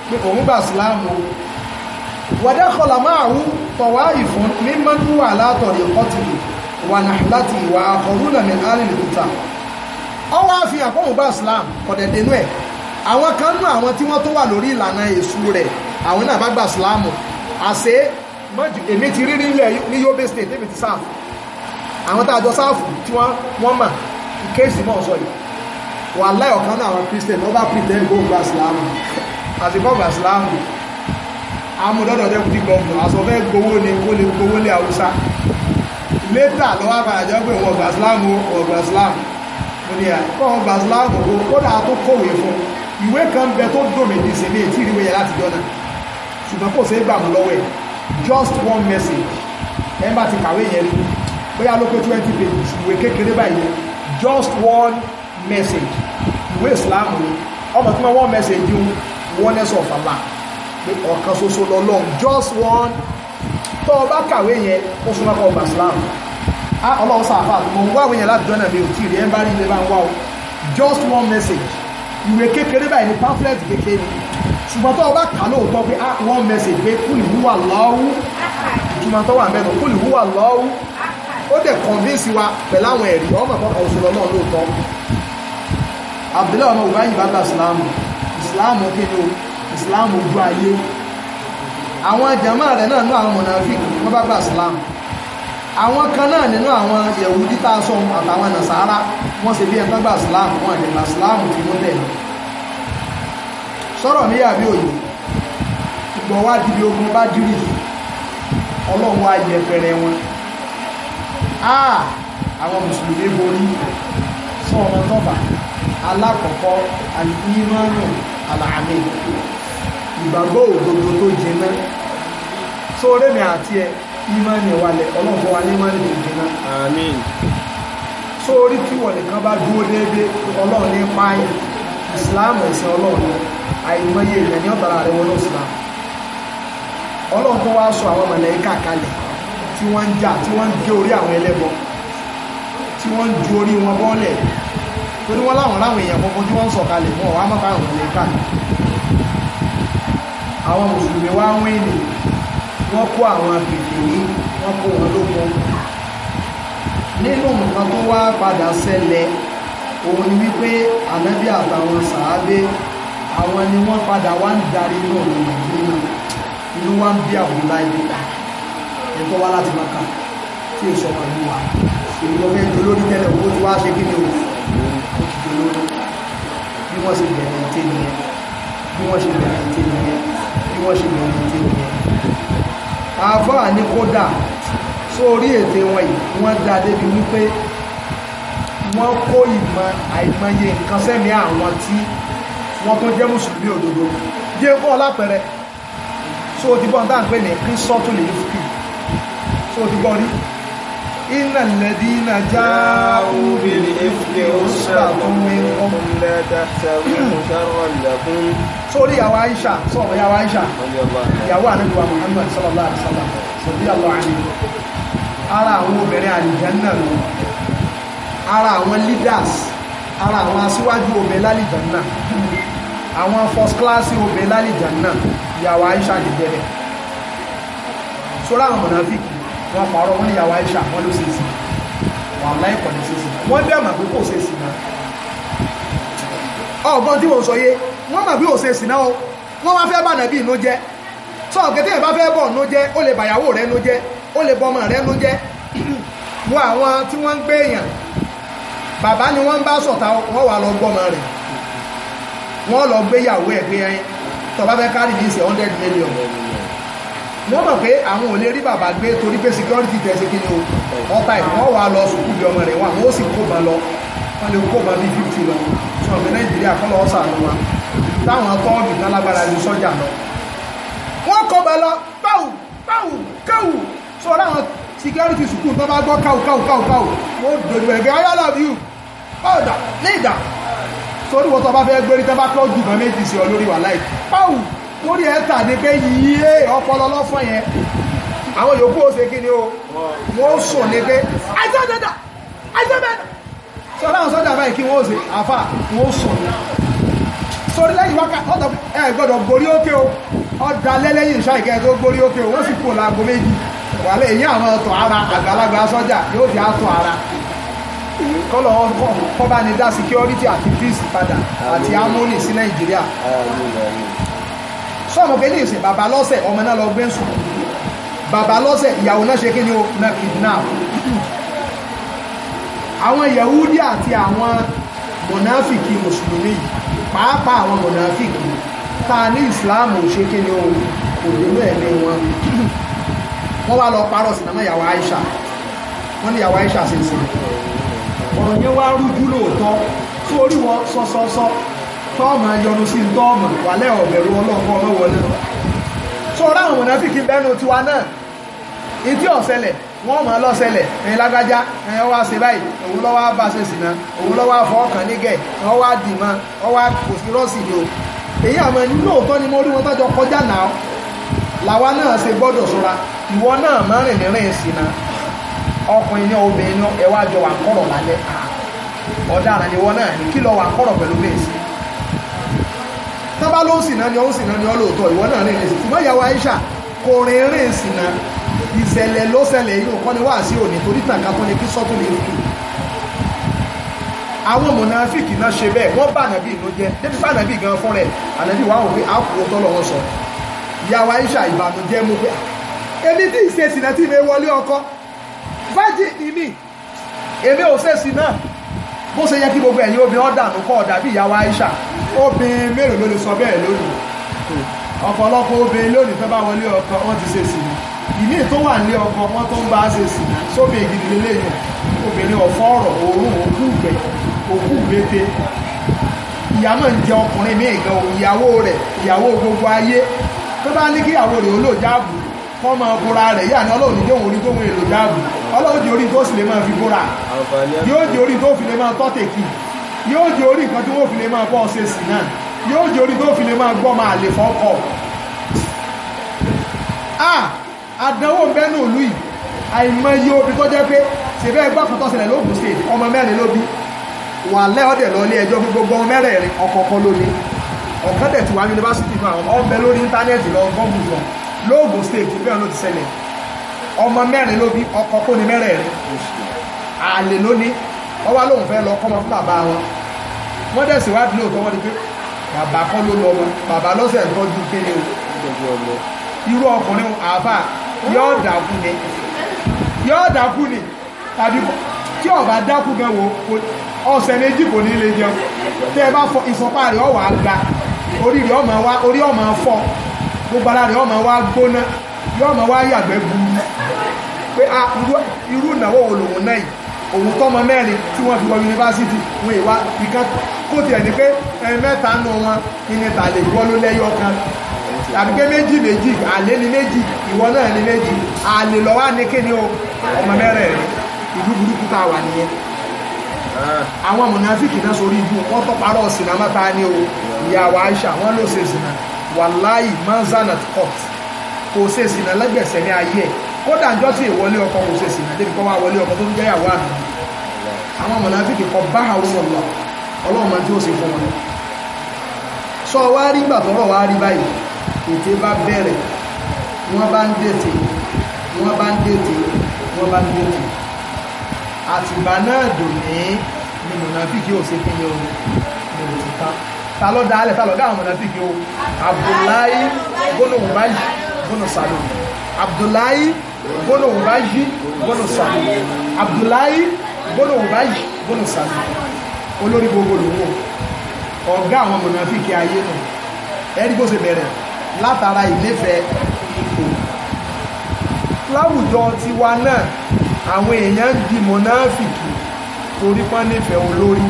Speaker 2: pé òun gba islam o wàdẹ́kọ̀lá máa wú tọ̀wá ìfún mímọ́ ní wà látọ̀rí kọ́tìlì wà náà láti ìwà àkọ̀rúnà ní alìlúta ọwọ́ àfi àpọ̀hùn bá islam kọ̀dẹ̀dẹ̀nú ẹ̀ àwọn kan nú àwọn tí wọ́n tó wà lórí ìlànà èṣù rẹ̀ àwọn náà bá gba islam àṣẹ èmi ti rí nílẹ̀ ní Yobe state débi ti sáàfù àwọn tààjọ sáàfù tí wọ́n mà kéèsì náà sọ yìí wà láì ọ̀kan náà àwọn christian ọba pìtẹ́ ìgbóhùn gba islam [laughs] àti gbọ́ gba islam amúdọ́dọ̀ deputy governor àsọ̀fẹ́ gbowó ni ó lè gbowó létà lọ́wọ́ àbàjọ́ pé wọ́n gbà sílámù wọ́n sílámù mo ní àkọ́ wọn gbà sílámù owó kódà tó kọ̀wé fún ìwé kan bẹ tó dòmì ní ìsinmi ètí ìrìwé yẹn láti dọ́nà ṣùgbọ́n kò sí gbàmù lọ́wọ́ ẹ̀ just one message ẹ̀ ń bá ti kàwé yẹn rí bóyá ló pé twenty pages ìwé kékeré báyìí just one message ìwé ìsìlámù ni ọmọ tí wọ́n one message yìí wọ́n lẹ́sọ̀ ọ̀fà láà ọ̀kan ṣoṣo lọ́lọ́run just one tó o bá kàwé yẹn ó súnmọ́ kọ́ ọgbà islam ọlọ́run sáfà mo ń wá àwọn èèyàn láti dọ́nà mi ò tí rí ẹ bá rí ilé bá ń wá o just one message ìwé kékeré báyìí ní pamphlet kékeré ṣùgbọ́n tó o bá kà lóòótọ́ pé one message pé kúlì wúwà lọ́wọ́ ìtumọ̀ tó wà mẹ́nu kúlì wúwà lọ́wọ́ ó dẹ̀ convince wa pẹ̀lú àwọn ẹ̀rí ọmọ kan kan òṣèlú náà lóòótọ́ Abdullahi ọmọ òbáyìí bá gba ìsìláàmù ìsìláàmù kí islam ojú ayé àwọn jàmá rẹ̀ náà nú àwọn monafik wọ́n bá gba islam àwọn kan náà nínú àwọn yẹ̀wùdí tá a sọ àtàwọn nàṣàrà wọ́n ṣe bí ẹ̀ńtọ́ gba islam wọ́n àdìgbà islam tí wọ́n tẹ̀lé sọ̀rọ̀ mi yàbí òye ìgbọ̀ wá di ogun bá dìrì ọlọ́run ayẹ pẹrẹ wọn áà ah! àwọn mùsùlùmí borí sọ ọmọ tọ́fà alákọ̀ọ́kọ́ alìmọ́nù alàmì ìgbàgbọ́ òdodo tó jiná tó rémi àti ẹ ìmánì wálẹ̀ ọlọ́pọ̀ wa ní ìmánì tó jiná àmín tó orí tí wọ̀n nìkan bá dúró déédé ọlọ́run ní páyì islam ẹ̀sìn ọlọ́run àìmọye ìrìn ní ọ̀tàrà rẹ̀ wọnú islam ọlọ́run tó wá sọ àwọn màláíkà kalẹ̀ tí wọ́n ń jà tí wọ́n ń gé orí àwọn ẹlẹ́bọ tí wọ́n ń ju orí wọn bọ́ọ̀lẹ̀ torí wọ́n láwọn láwọn èèyàn kọ̀ọ̀kan tí wọ́n ń sọ̀kalẹ̀ wọn ò wá mọ́ka àwọn màláíkà àwọn mùsùlùmí wá ń wíìnì wọ́n kó àwọn agbègbè ní wọ́n kó wọn lókun nínú nǹkan tó wá padà ṣẹlẹ̀ òun ni wípé ànábì àtàwọn sàábé àwọn ni wọ́n padà wá ń darí inú ọ̀nà nàìjíríà inú wa ń bí àwọn láìpẹ́ ẹ̀tọ́ wá láti máa kà tí èso wà ní wa èyí lọ́fẹ́ dolórí tẹ́lẹ̀ owó tí wá ṣe kí ni òun bí wọ́n ṣe bẹ̀rẹ̀ ìtẹ́ nìyẹn bí wọ́n ṣe bẹ̀rẹ̀ ìtẹ́ nìyẹn kí wọ́n ṣe lọ́wọ́ tí ó yẹ àáfàá ní kódà sórí ète wọn yìí wọ́n dá débi wípé wọ́n kó ìmọ̀ àìmọye nǹkan sẹ́mi àwọn tí wọ́n tó jẹ́ mùsùlùmí òdodo jẹ́ kọ́ lápẹẹrẹ sóòtú bọ́ńdà ń ní kí sọ́tún lè fi sóòtú bọ́ńdà إن الذين جاءوا بالإفك عصبة منكم لا تحسبوه شرا لكم sórí ìyàwó Aisha sọ̀rọ̀ ìyàwó Aisha ìyàwó àníbíwá Muhammad sallallahu alaihi wasallam sọ̀rọ̀ ìyàwó àníbí ara àwọn obìnrin àlìjánná ló ara àwọn leaders ara àwọn aṣíwájú obìnrin lálìjánná àwọn first class obìnrin lálìjánná ìyàwó Aisha nìjẹ́rẹ̀ sọ́rọ̀ àwọn mọ̀nàfíkì wọn pààrọ̀ wọn ní ìyàwó Aisha wọn ló ṣe sí wọn láìpọ̀ ní ṣe sí wọn bẹ́ẹ̀ mà pé kò ṣe sí náà ọgbọ́n tí mo sọ yé wọ́n mà pé kò ṣe sí náà wọ́n wá fẹ́ bà nàbí inú jẹ́ sọ ọ̀kẹ́tẹ́ ìbá fẹ́ bọ̀ nú jẹ́ ó lè bàyàwó rẹ̀ nú jẹ́ ó lè bọ́ ọmọ rẹ̀ nú jẹ́ [clears throat] wọn àwọn tí wọ́n ń gbé èèyàn bàbá ni wọ́n ń bá sọ̀tà wọ́n wà lọ gbọ́mọ rẹ̀ wọ́n lọ gbéyàwó ẹ̀ pé ẹyin tọ́ba fẹ́ kárì ní million wọ́n mọ̀ pé àwọn ò lè rí bàbá gbé torí pé security tẹ̀sí kí ni o ọta ìwọ́n wà lọ sùkúù ọmọ rẹ̀ wà wọ́n sì kó ma lọ wọ́n lè kó ma bí fifty lọ tí wọ́n nàìjíríà kọ́lọ́ ọ̀sà lọ wa táwọn tọ́ọ̀dù lálágbára ju sọ́jà lọ. wọ́n kó ma lọ báwù báwù káwù sọ̀rọ̀ àwọn security sùkúù tó bá gbọ́ káwù káwù káwù káwù wọ́n dòdò ẹ̀gẹ́ I love báwù dà ní ìdà sórí wọ́n tó kórìí ẹ̀ tàbí pé yìí ẹ̀ ọpọlọ lọ́fọ̀ yẹn àwọn yòókù ó ṣe kí ni o wọ́n sùn ní pé àìsàdàdà àìsàdàdà sọ́dá àwọn báyìí kí wọ́n ṣe àfà wọ́n sùn ní sórí lẹ́yìn wákà ọ̀dọ̀ ẹ̀ gbọ́dọ̀ gorí òkè o ọ̀dà lẹ́lẹ́yìn ìṣá ìkẹ́ tó gorí òkè o wọ́n sì kú làgbo méjì wàlẹ̀ èyí àwọn ọ̀tọ̀ ara àgbàlagbà sọ́jà yóò fi àtọ̀ ara kọ́lọ̀ kọ́ bá ní dá security àti peace padà àti harmony sí Nàìjíríà sọ́ọ̀mù kejì ìsìn bàbá lọ́sẹ̀ ọmọ náà lọ gbé sùn bàbá lọ́sẹ̀ ìyàwó náà ṣe kí ni na kidnap àwọn yahudi àti àwọn mọ̀náfìkì mùsùlùmí pàápàá àwọn mọ̀náfìkì ta ní ìsìláàmù ṣe kí o ó kò nínú ẹ̀mí wọn wọ́n wá lọ parọ́ sinimá ìyàwó Aisha wọ́n ní ìyàwó Aisha ṣe ń sinmi ọ̀rọ̀ yẹn wá rújú lóòótọ́ sórí wọn sọ́sọ́sọ́ tọ́ọ̀mù ẹyọnu sí tọ́ọ̀mù wàlẹ́ ọ̀bẹ̀rù ọlọ́ọ̀kọ́ ọlọ́wọ́ náà tó ráhùn mọ̀nàfíkì bẹ́nu tiwa náà ìtí ọ̀sẹlẹ̀ wọ́n mọ̀ lọ́sẹlẹ̀ ẹ̀yìn lágájá ẹ̀yìn wá ṣe báyìí òun lọ́wọ́ bá ṣe sì náà òun lọ́wọ́ fọ́ọ̀kàn nígẹ̀ ọwọ́ o èyí àmọ́ lóòótọ́ ni mo rí wọn kọjá náà làwa náà ṣe gbọ́dọ̀ ìwọ náà má rìn rìn sí náà ọkùnrin obìnrin wà kọ̀rọ̀ tán bá ló ń sìnà ni ó ń sìnà ni ó lóòótọ́ ìwọ náà rìn rìn ṣùgbọ́n ìyàwó Aisha kò rìn rìn sìnà ìṣẹ̀lẹ̀ ló ṣẹlẹ̀ yìí nǹkan ni wá sí òní torí tàǹkà kan ni kí sọ́tún lè rìn àwọn mọ̀nàfíìkì náà ṣe bẹ́ẹ̀ wọ́n bá ànàbí ìlú jẹ́ débi bá ànàbí gan fún rẹ̀ ànàbí wàá wò pé àkùrọ̀ tọ́lọ̀ wọn sọ ìyàwó Aisha ìbànújẹ́ mú pé èmi tí ìṣe sìnà tí mi wọlé ọkọ fájì ni mí èmi ò ṣe sìnà bó ṣe yẹ kí gbogbo ẹ̀yin obìnrin ọ̀dà nù kọ́ ọ̀dà bí ìyàwó Aisha obìnrin mélòó ló lè sọ bẹ́ẹ̀ lónìí ọ̀pọ̀lọpọ̀ obìnrin lónìí fẹ́ bá wọlé ọkọ wọ́n ti ṣe sí i ìmí tó wà ní ọkọ wọn tó ń bá ṣe sí i sóbì ìgidì lélẹ́yìn obìnrin ọ̀fọ́ ọ̀rọ̀ òórùn òkú ìgbẹ́ òkú ìgbẹ́te ìyá náà ń jẹ ọkùnrin míì gan ìyàwó rẹ̀ ìyàwó gbogbo ayé tó bá ní kí ìyàwó rẹ̀ olóòjáàbù kọ́ máa bóra rẹ̀ yà ní ọlọ́run níjọ́ òun orí tó wọn èlò jáàbù ọlọ́run di orí tó sì lè máa fi bóra yóò di orí tó fi lè máa tọ́tẹ̀kì yóò jẹ́ orí nǹkan tí wọ́n fi lè máa bọ́ ṣe sí náà yóò jẹ́ orí tó fi lè máa gbọ́ máa lè fọ́kọ̀ ah àdánwò bẹ́nu òlú yìí àìmọye obi tó jẹ́ pé ṣèbẹ́ ẹgbẹ́ àkùtọ́ sílẹ̀ lóògùn sí ọmọ mẹ́rin ló bí wà lẹ́ọ̀dẹ̀ lọ ilé ẹjọ́ gbogbo ọmọ mẹ́rẹ̀ẹ̀rin ọ̀kọ̀ọ̀kan ló ní ọ̀kan dẹ̀ ti wà yunifásitì fún àwọn ọmọ lórí íńtánẹ́ẹ̀tì lọ gọ́ọ̀gùn lọ lóògùn stéèkì bẹ́ẹ̀ ló ti ṣẹlẹ̀ ọmọ mẹ́rin ló bí ọkọ̀ kó ní mẹ́rẹ̀ẹ̀rin àlè ló ní wọ́n wá lóun fẹ́ lọ kọ́mọ fún bàbá wọn wọ́n dẹ̀ síwádìí lóòótọ́ wọ́n di pé bàbá kọ́ ló lọ wọn bàbá lọ́sẹ̀ ń tọ́jú kéde o irú ọkùnrin àáfà yóò dákú ni yóò dákú ni tàbí tí ọba dákú gan wo ọ̀sẹ̀ méjì kò ní lè jẹun tẹ́ ẹ bá fọ ìfọ̀pá rẹ̀ ọ̀wà ga orí rẹ̀ ọmọ wa orí ọmọ fọ gbogbo ara rẹ̀ ọmọ wa gbóná yóò ọmọ wa yàgbẹ́ gburu pé ah, irú ìnáwó wo lòun náà yìí òun tọ́mọ mẹ́rin tí wọ́n fi wọ yunifásitì wọn ìwá ìkan kó tiẹ̀ ní pé mẹ́ta nù wọn ìní tàlẹ̀ ìwọ ló lẹ́yọ kan tàbí pé méjì méjì àlè ni méjì ìwọ náà ni méjì àlè lọ́wọ́ ní kíni o ọmọ mẹ́rẹ̀ẹ̀rin ìlú burúkú tá a wà nìyẹn àwọn mọ̀nàfíkì náà sórí ibú wọ́n tọ́ parọ́ ọ̀sìn náà mọ́ta ní o ìyàwó Aisha wọ́n ló ṣe ìsìn náà wàláì manzanat court kò ṣe ìsìn náà lẹ́gbẹ̀ẹ́sẹ̀ ní ayé ẹ̀ kódà ń jọ́ tí ìwọlé ọkọ kò ṣe sìnà débi kọ́ wá wọlé ọkọ tó ń jẹ́ ìyàwó àná àwọn mọ̀láfíkì kọ bá àwọn ọ̀lọ́ ọlọ́run máa tí ó ṣe fún wọn sọ wá rí gbà tọ́rọ̀ wá rí báyìí ètè bá bẹ̀rẹ̀ wọ́n bá ń dètè wọ́n bá ń dètè wọ́n bá ń dètè àtìgbà náà dùn ní ni mọ̀láfíkì ò ṣe kíni o mo lè ta ta ló dá alẹ́ ta ló dá àwọn mọ̀láfíkì o Abdullahi gbónú wùmáyì gbónú sàlù Abdullahi gbọ́nà òwúrá yí gbọ́nà sàmì Abdullahi gbọ́nà òwúrá yí gbọ́nà sàmì olórí gbogbo lòwò ọ̀gá àwọn mọ̀nàfíkì ayé nù ẹ̀rí kó ṣe bẹ̀rẹ̀ látara ìlẹ́fẹ̀ẹ́ ipò láwùjọ tiwa náà àwọn èèyàn ń di mọ̀nàfíkì torí pọ́n nífẹ̀ẹ́ olórí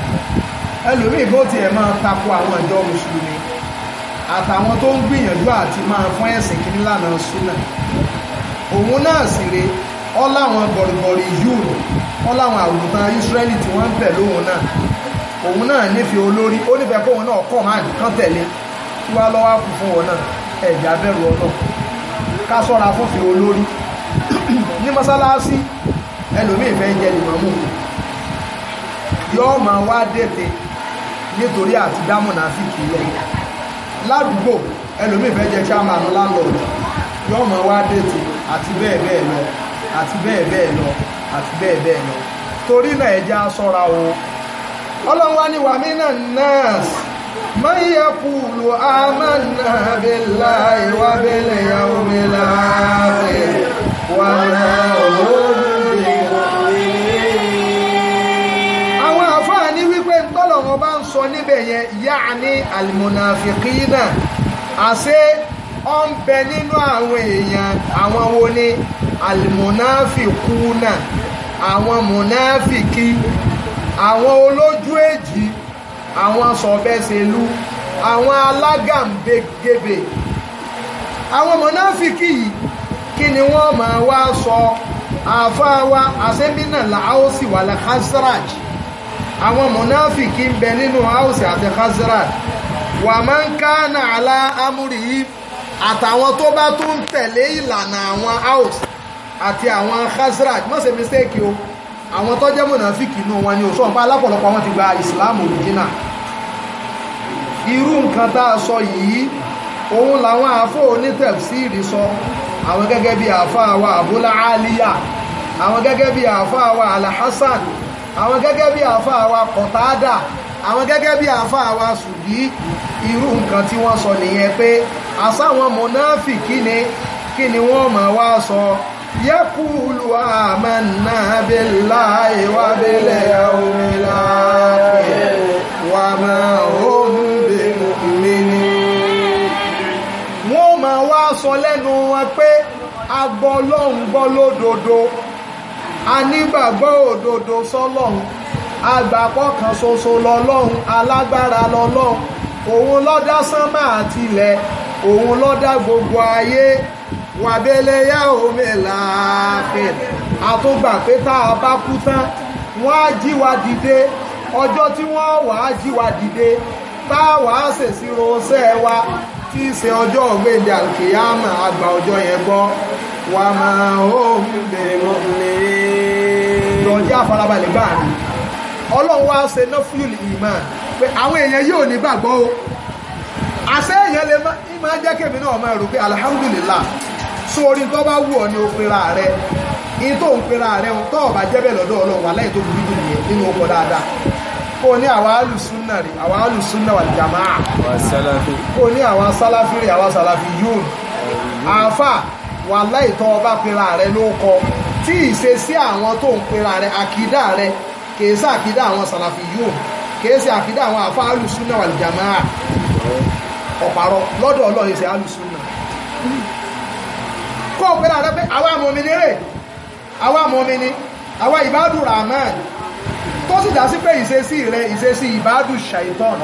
Speaker 2: [clears throat] ẹlòmíì bó tiẹ̀ máa tako àwọn ìjọ mùsùlùmí àtàwọn tó ń gbìyànjú àti máa fún ẹ̀sìn kí nílànà súnà òun náà sì rè ọ́ láwọn gọ̀rìgọ̀rì yúùrù ọ́ láwọn àwòrán Ísírẹ́lì tí wọ́n ń bẹ̀ lóhun náà òun náà nífẹ̀ẹ́ olórí ó nífẹ̀ẹ́ kóhun náà kọ̀ máa nìkan tẹ̀lé tí wàá lọ́wọ́ kù fún wọn náà ẹ̀jẹ̀ abẹ́rù ọlọ́run ká sọ́ra fúnfẹ́ olórí ní mọ́sálásí ẹlòmíì fẹ́ jẹ ìmọ̀mú yóò máa wá dètè nítorí àti dámọ̀nà fìkì lẹ́yìn ládùúgbò ẹlòmíì fẹ́ jẹ́ chairman landlord yóò mọ̀ wá déètì àti bẹ́ẹ̀ bẹ́ẹ̀ lọ àti bẹ́ẹ̀ bẹ́ẹ̀ lọ àti bẹ́ẹ̀ bẹ́ẹ̀ lọ torí náà ẹja sọ́ra o ọlọ́wọ́ ni wàmí náà nọ́ọ̀sì mọ́yẹ́kùlù amánàbẹ̀lá ìwábẹ̀lẹ̀ yàwó mi láàrin wàhálà O sọ níbẹ̀ yẹn yaani almunafikina àṣé ọ ń bẹ nínú àwọn èèyàn àwọn wo ni almunafikuna àwọn munafiki àwọn olójú èjì àwọn sọ̀bẹ́sẹ̀lú àwọn alágàmbégébè àwọn mọ̀náfíkì yìí kí ni wọ́n máa wá sọ àfáà wa àṣẹ́mínà làáwọ́sì wà láhásíràjì àwọn mọ̀náfìkì ń bẹ nínú house àti khazara wà máa ń kánà alá amúrì yìí àtàwọn tó bá tún ń tẹ̀lé ìlànà àwọn house àti àwọn khazara má ṣe mistake o àwọn tó jẹ́ mọ̀náfìkì inú wọn ni ò sọ pé alápọ̀lọpọ̀ wọn ti gba Islam òrìjínà irú nǹkan tá a sọ yìí òun làwọn àáfò onítẹ̀síìrì sọ àwọn gẹ́gẹ́ bí àáfà wa àbúlá àlíyà àwọn gẹ́gẹ́ bí àáfà wa alhassan àwọn gẹ́gẹ́ bí àfa àwa kọ̀tádà àwọn gẹ́gẹ́ bí àfa àwa sùdí irú nǹkan tí wọ́n sọ nìyẹn pé àsáwọn mọ̀náfì kí ni kí ni wọ́n máa wá sọ yẹ́kùlù àmàna billahi wa bil yawmil akhir wa ma hum bi mu'minin. wọ́n máa wá sọ lẹ́nu wọn pé agbọ́lọ́hún gbọ́ lódodo a nígbàgbọ́ òdodo sọ́lọ́hun agbàpọ̀ kan ṣoṣo lọ́lọ́hun alágbára lọ́lọ́hun òun ló dá sánmà àti ilẹ̀ òun ló dá gbogbo ayé wàbẹ́lẹ́ yá omi làáfẹ́ àtúgbà pé tá a bá kú tán wọ́n á jí wa dìde ọjọ́ tí wọ́n wà á jí wa dìde tá a wà á ṣèṣirò iṣẹ́ wa tí í ṣe ọjọ́ ọ̀gbẹ́dẹ àlùkìyàmà àgbà ọjọ́ yẹn gbọ́ wàmà ó ń bẹ̀rẹ̀ mọ́ mi ọ̀rọ̀ yá farabalẹ̀ gbà ní ọlọ́run wá ṣe nọ́fúlù ìmọ̀ pé àwọn èèyàn yóò ní gbàgbọ́ o àṣẹ èèyàn lè máa jẹ́ kèmí náà máa rò pé alhamdulillah sórí tó bá wù ọ́ ni o pera rẹ in tó ń pera rẹ tó ọba jẹ́bẹ̀ lọ́dọ̀ ọlọ́run wà láì tó burú jù nìyẹn nínú ọkọ̀ dáadáa kò ní àwa alùsúnà rè àwa alùsúnà wal jamaa kò ní àwa sálàfì rè àwa sálàfì yóò àáfà wà láì tó ọba pera rẹ ló kọ tí ìṣe sí àwọn tó ń pera rẹ̀ àkídà rẹ̀ kìí sí àkídà àwọn sàlàfì yóò kìí sí àkídà àwọn àfa alùsùnà wal jamaa ọ̀pàrọ̀ lọ́dọ̀ ọlọ́yìn sí alùsùnà kó o pera rẹ̀ pé àwa àmọ́mi ni rè àwa àmọ́mi ni àwa ìbádù rahman tó sì dá sí pé ìṣesí rẹ̀ ìṣesí ìbádù shaitan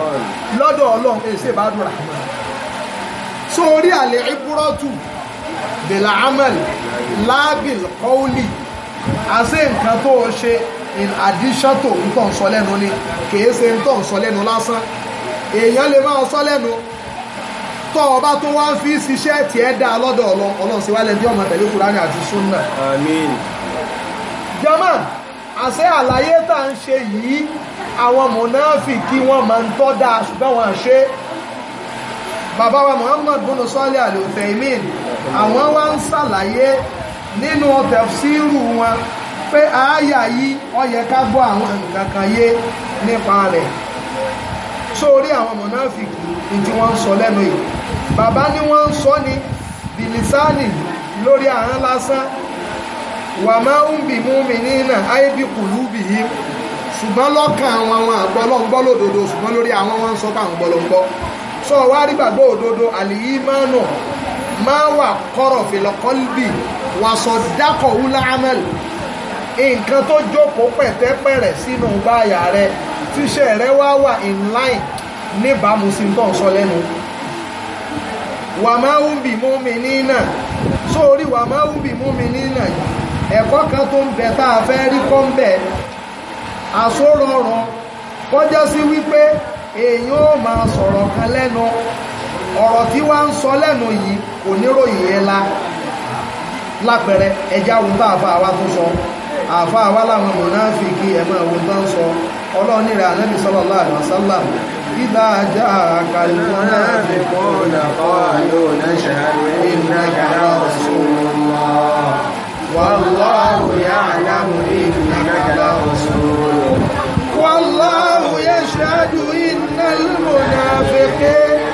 Speaker 2: lọ́dọ̀ ọlọ́run èsì ìbádù rahman sórí àlè ìbúrọ́tù bẹ̀là amẹ́lì lábìl kọ́ọ̀lì àṣẹ nǹkan tó ṣe in addition to ń tọ̀ ń sọ lẹ́nu ni kìí ṣe ń tọ̀ ń sọ lẹ́nu lásán èèyàn lè máa sọ lẹ́nu tọ́ ọba tó wá ń fi ṣiṣẹ́ tiẹ̀ dá lọ́dọ̀ ọlọ́run sí wálẹ̀ bí ọmọ tẹ̀lé kúránì àti súnà. àmín. jama àṣẹ àlàyé tá à ń ṣe yìí àwọn mọ̀náfì kí wọ́n máa ń tọ́ da ṣùgbọ́n wọn àṣẹ bàbá wa Muhammad bin Salih Al-Uthaymeen àwọn wá ń ṣàlàyé nínú tẹ̀síìrù wọn pé àáyà yìí ó yẹ ká gbọ́ àwọn nǹkan yé nípa rẹ̀ sórí àwọn mọ̀náfìkì ní tí wọ́n ń sọ lẹ́nu yìí bàbá ní wọ́n ń sọ ní bìlìsáàlì lórí àhán lásán wà máa ń bì mú mi nínà áìbì kùlù bì í ṣùgbọ́n lọ́kàn àwọn àwọn àgbọ́lọ́gbọ́ lódodo ṣùgbọ́n lórí àwọn wọn ń sọ pé àwọn gbọ́lọ́gbọ́ sọ wá rí gbàgbọ́ òdodo àlìyí máa nù máa wà kọ́rọ̀ fìlọ́kọ́lbì wàsọ̀ dákọ̀ wúlá amẹ́l nǹkan tó jókòó pẹ̀tẹ́pẹ̀rẹ̀ sínú gbáyà rẹ tíṣẹ́ rẹ wá wà in line níbàámu sí tó ń sọ lẹ́nu wà máa ń bì mú mi ní náà sórí wà máa ń bì mú mi ní náà ẹ̀kọ́ kan tó ń bẹ tá a fẹ́ rí kọ́ ń bẹ̀ àsórọrùn kọjá sí wípé èèyàn ó máa sọ̀rọ̀ kan lẹ́nu ọ̀rọ̀ tí wá ń sọ lẹ́nu yìí kò níròyìn ẹ la lápẹẹrẹ ẹjá ohun tá àfa àwa tó sọ àfa àwa làwọn mùnáfíkì ẹ̀mọ́ ohun tó ń sọ ọlọ́ọ̀ni rẹ̀ ànábì sallallahu alaihi wasallam ìdá ajá àkàlùmọ́ náà fi kọ́ ọ̀nà kọ́ àlọ́ náà ṣàrẹ́ ìnáyàrá ọ̀ṣun
Speaker 1: والله يعلم إنك لرسول
Speaker 2: والله يشهد إن المنافقين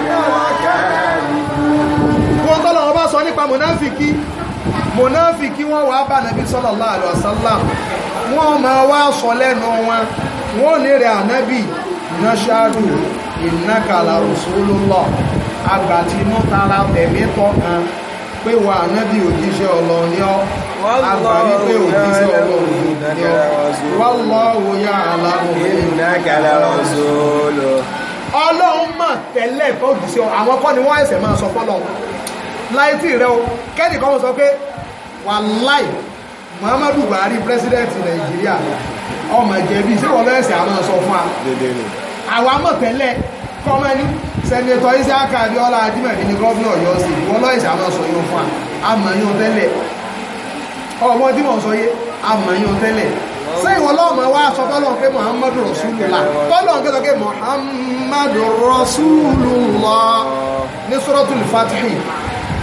Speaker 2: sọ nípa mọ̀náfìkì mọ̀náfìkì wọ́n wàá bá nàbí sallallahu alaihi wasallam wọ́n máa wá sọ lẹ́nu wọn wọ́n ní rẹ̀ ànábì nashadu innaka la rasulullah àgbàtí inú tara tẹ̀mí tọ́kan pé wà ànábì òjíṣẹ́ ọlọ́run ni ọ́ àgbàrí pé òjíṣẹ́ ọlọ́run ni ọ́ wallahu ya'lamu innaka la rasulullah ọlọ́run mọ̀ tẹ́lẹ̀ fọ́jíṣẹ́ àwọn kọ́ ni wọ́n ẹ̀sẹ̀ máa sọ fọ́lọ́run láìtì rẹ o kẹ́nì kan sọ pé wàláì Muhammadu Buhari pírẹsidẹ́ǹtì Nàìjíríà ọmọ jẹ̀bi ṣé wọ́n lọ́ọ̀sì àwọn sọ fún wa àwa mọ̀ tẹ́lẹ̀ kọ́mẹ́ni sẹ́nitọ́ Isiaka Abiola Ajimẹ̀bi ni gómìnà Ọ̀yọ́ sí wọ́n lọ́ọ̀sì àwọn sọ yóò fún wa àmọ̀yún tẹ́lẹ̀ ọmọ tí wọ́n sọ yé àmọ̀yún tẹ́lẹ̀ ṣé ìwọ lọ́mọ wa sọ tọ́lọ̀ pé Muhammadu Rasulullah tọ́lọ̀ ń kẹ́lọ́ pé Muhammadu Rasulullah ní Suratul Fatihi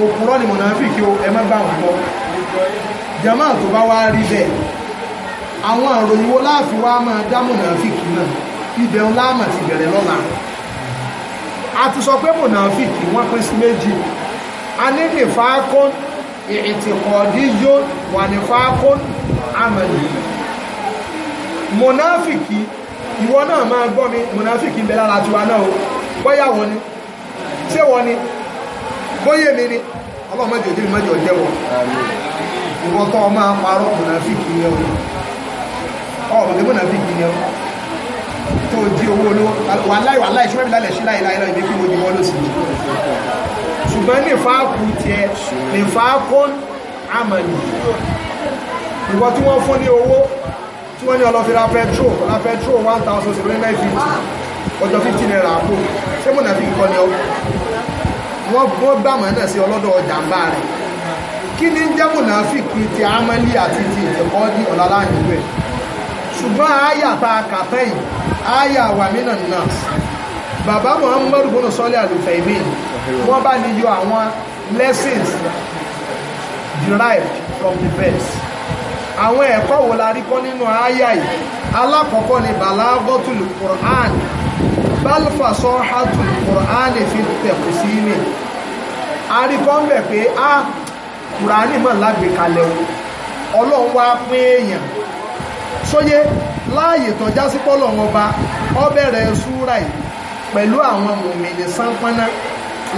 Speaker 2: òkúrọ́ ni mọ̀nàfíkì o ẹ má bá wọn gbọ́ jama tó bá wá rí bẹ́ẹ̀ àwọn àròyìn wo láàfin wá máa dá mọ̀nàfíkì náà ibẹ̀ ń láàmà ti bẹ̀rẹ̀ lọ́la a ti sọ pé mọ̀nàfíkì wọ́n pín sí méjì a ní nìfàákún ìtìkọ̀ọ́díyó wà nìfàákún àmàlì mọ̀nàfíkì ìwọ náà máa gbọ́ mi mọ̀nàfíkì ń bẹ lára tiwa náà o bọ́yá wọn ni ṣé wọn ni bóyá èmi ni ọlọ́mọ jòjì mi mọ́jọ jẹ́ wọ ìwọ tó ọmọ parọ́ mùnàfíkì ni ọ ọmọ tó mùnàfíkì ni ọ tó di owó olówó wà láì wà láì ṣúwẹ́bí lálẹ̀ sí láì láì láì bí kí mo di wọ́n ló sì ní ṣùgbọ́n ní fáàkù tiẹ̀ ní fáàkù àmàlì ìwọ tí wọ́n fún ní owó tí wọ́n ní ọlọ́fi ra petro ra petro one thousand seven hundred fifty ọjọ́ fifty naira àpò ṣé mùnàfíkì kọ́ ni ọ wọ́n wọ́n gbàmọ̀ náà sí ọlọ́dọ̀ jàǹbá rẹ̀ kí ni jẹ́ mùnàfíkì ti amẹ́lí àti ti ìjẹ̀kọ́ ní ọ̀làlá ìlú ẹ̀ ṣùgbọ́n àyà tá a kà tẹ́yìn àyà wà mínà náà bàbá muhammadu bọ́nà sọ́lé àlùfẹ̀mí wọ́n bá ní yọ àwọn lessons derived from the verse àwọn ẹ̀kọ́ wo la rí kọ́ nínú àyà yìí alákọ̀ọ́kọ́ ni bàlágọ́tùlù Qur'an walfasohatul Qur'ani fi tẹ̀kùsíìmì arikọ́ńbẹ̀ pé a Qur'ani mọ̀ lágbèkalẹ̀ o ọlọ́run wá pín èèyàn sóyé láàyè tó já sí pọ́lọ́run ọba ó bẹ̀rẹ̀ súra yìí pẹ̀lú àwọn mòmìnì sánpọ́nná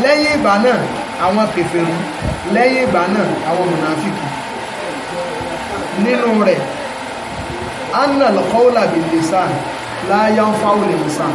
Speaker 2: lẹ́yìn ìgbà náà àwọn kèfèrí lẹ́yìn ìgbà náà àwọn mùnàfíkì nínú rẹ̀ anna al-qawla bil-lisan la yanfa'u lil-lisan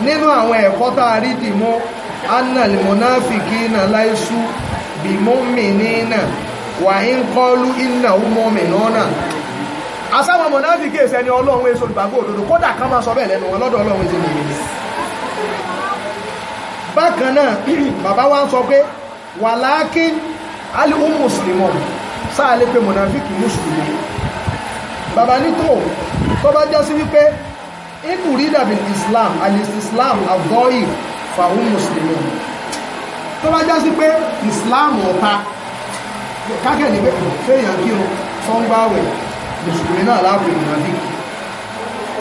Speaker 2: nínú àwọn ẹ̀kọ́ tá a rí dìmọ́ annal munafikina laisu bi mu'minina wa in qalu innahum mu'minuna asáwọn mọ̀náfíkì ẹ̀sẹ̀ ni ọlọ́run èso olùgbàgbọ́ òdodo kódà kan máa sọ bẹ́ẹ̀ lẹ́nu wọn lọ́dọ̀ ọlọ́run èso nìyí bákan náà [clears throat] bàbá wa ń sọ pé walakin alihu muslimon sáà lè pe mọ̀náfíkì mùsùlùmí bàbá nítò tó bá jásí wípé ibu rida bin islam al-islam al-dọ́ì fàwọn mùsùlùmí tó bá já sí pé islam ọ̀tá kákẹ́ ní pé fẹ́yàn kírun tó ń gbáwẹ̀ mùsùlùmí náà láàbò ìrìnàbí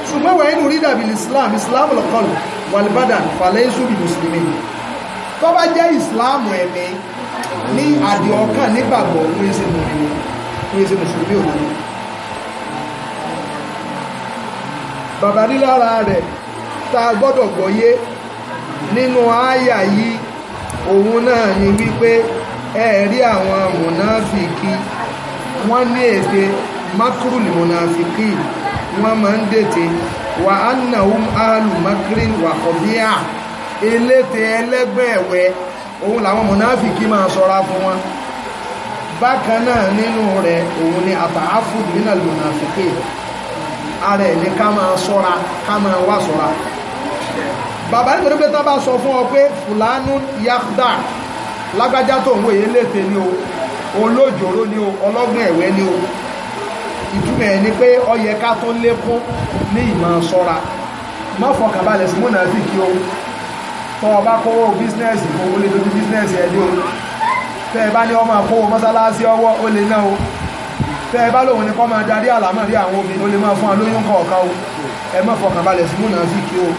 Speaker 2: ṣùgbọ́n wà inú rida bin islam islam al-qal wal-badan falaysu bi mùsùlùmí tó bá jẹ́ islam ẹ̀mí ní àdìọkàn nígbàgbọ́ wíṣẹ́ mùsùlùmí òun bàbá ní lára rẹ̀ tá a gbọ́dọ̀ gbọ́yé nínú àyà yìí òun náà ni wípé ẹ̀ẹ̀rí àwọn mùnáfìkì wọ́n ní èdè makrul mùnáfìkì wọ́n máa ń dètè wà á nà um alu makrin wà kọ̀bíà eléte ẹlẹ́gbẹ̀ẹ̀wẹ́ òun làwọn mùnáfìkì máa sọra fún wọn bákan náà nínú rẹ̀ òun ni àtàáfù ara ẹ̀ ní ká máa sọ́ra ká máa wá sọ́ra bàbá nítorí pé tán bá sọ fún ọ pé fùlánú yáhdà lágbájá tó ń wòye léte ni o olójòrò ni o ọlọ́gbọ̀n ẹ̀wẹ́ ni o ìtumọ̀ ẹ̀ ni pé ó yẹ ká tó lékún ní ìmọ̀ sọ́ra má fọkànbalẹ̀ sí múnà sí kí o tọ́ ọ kówó bísínẹ́sì owó lè dojú bísínẹ́sì ẹ̀ o tẹ́ ẹ bá ní ọmọ àkówó mọ́sálásí ọwọ́ ó lè náà o tẹ́ ẹ bá lòun ni kọ́ máa darí àlámọ̀rí àwọn obìnrin ó lè máa fún wa lóyún kọ̀ọ̀kan o ẹ má fọkàn balẹ̀ sí múnà sí kí o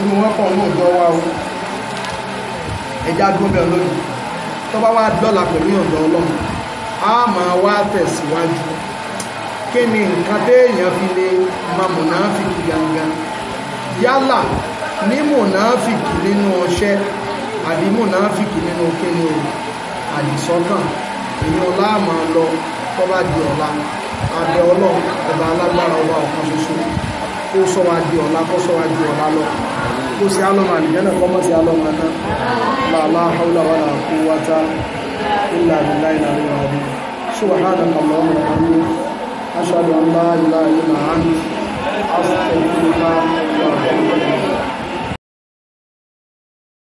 Speaker 2: irú wọn pọ̀ ní òjò wa o ẹja dúró bẹ́ẹ̀ lónìí tó bá wá dọ́là pẹ̀lú ìyọ̀ǹda ọlọ́run á máa wá tẹ̀síwájú kí ni nǹkan téèyàn fi lè máa mùnáfìkì gangan yálà ní mùnáfìkì nínú ọṣẹ́ àbí mùnáfìkì nínú kíni o àdìsọ́kàn èèyàn láàmà lọ tó bá di ọ̀la àbẹ ọlọ́run ọba alágbára ọba ọ̀kan ṣoṣo kó sọ wa di ọ̀la kó sọ wa di ọ̀la lọ kó sí alọ́mà nìyẹn náà kọ́mọ́ sí alọ́mà náà làlá haúlà wà náà kó wá tá ilà nílá ìlà ìlà ọdún subhanahu wa ta'ala ashhadu an la ilaha illa anta astaghfiruka wa atubu ilayk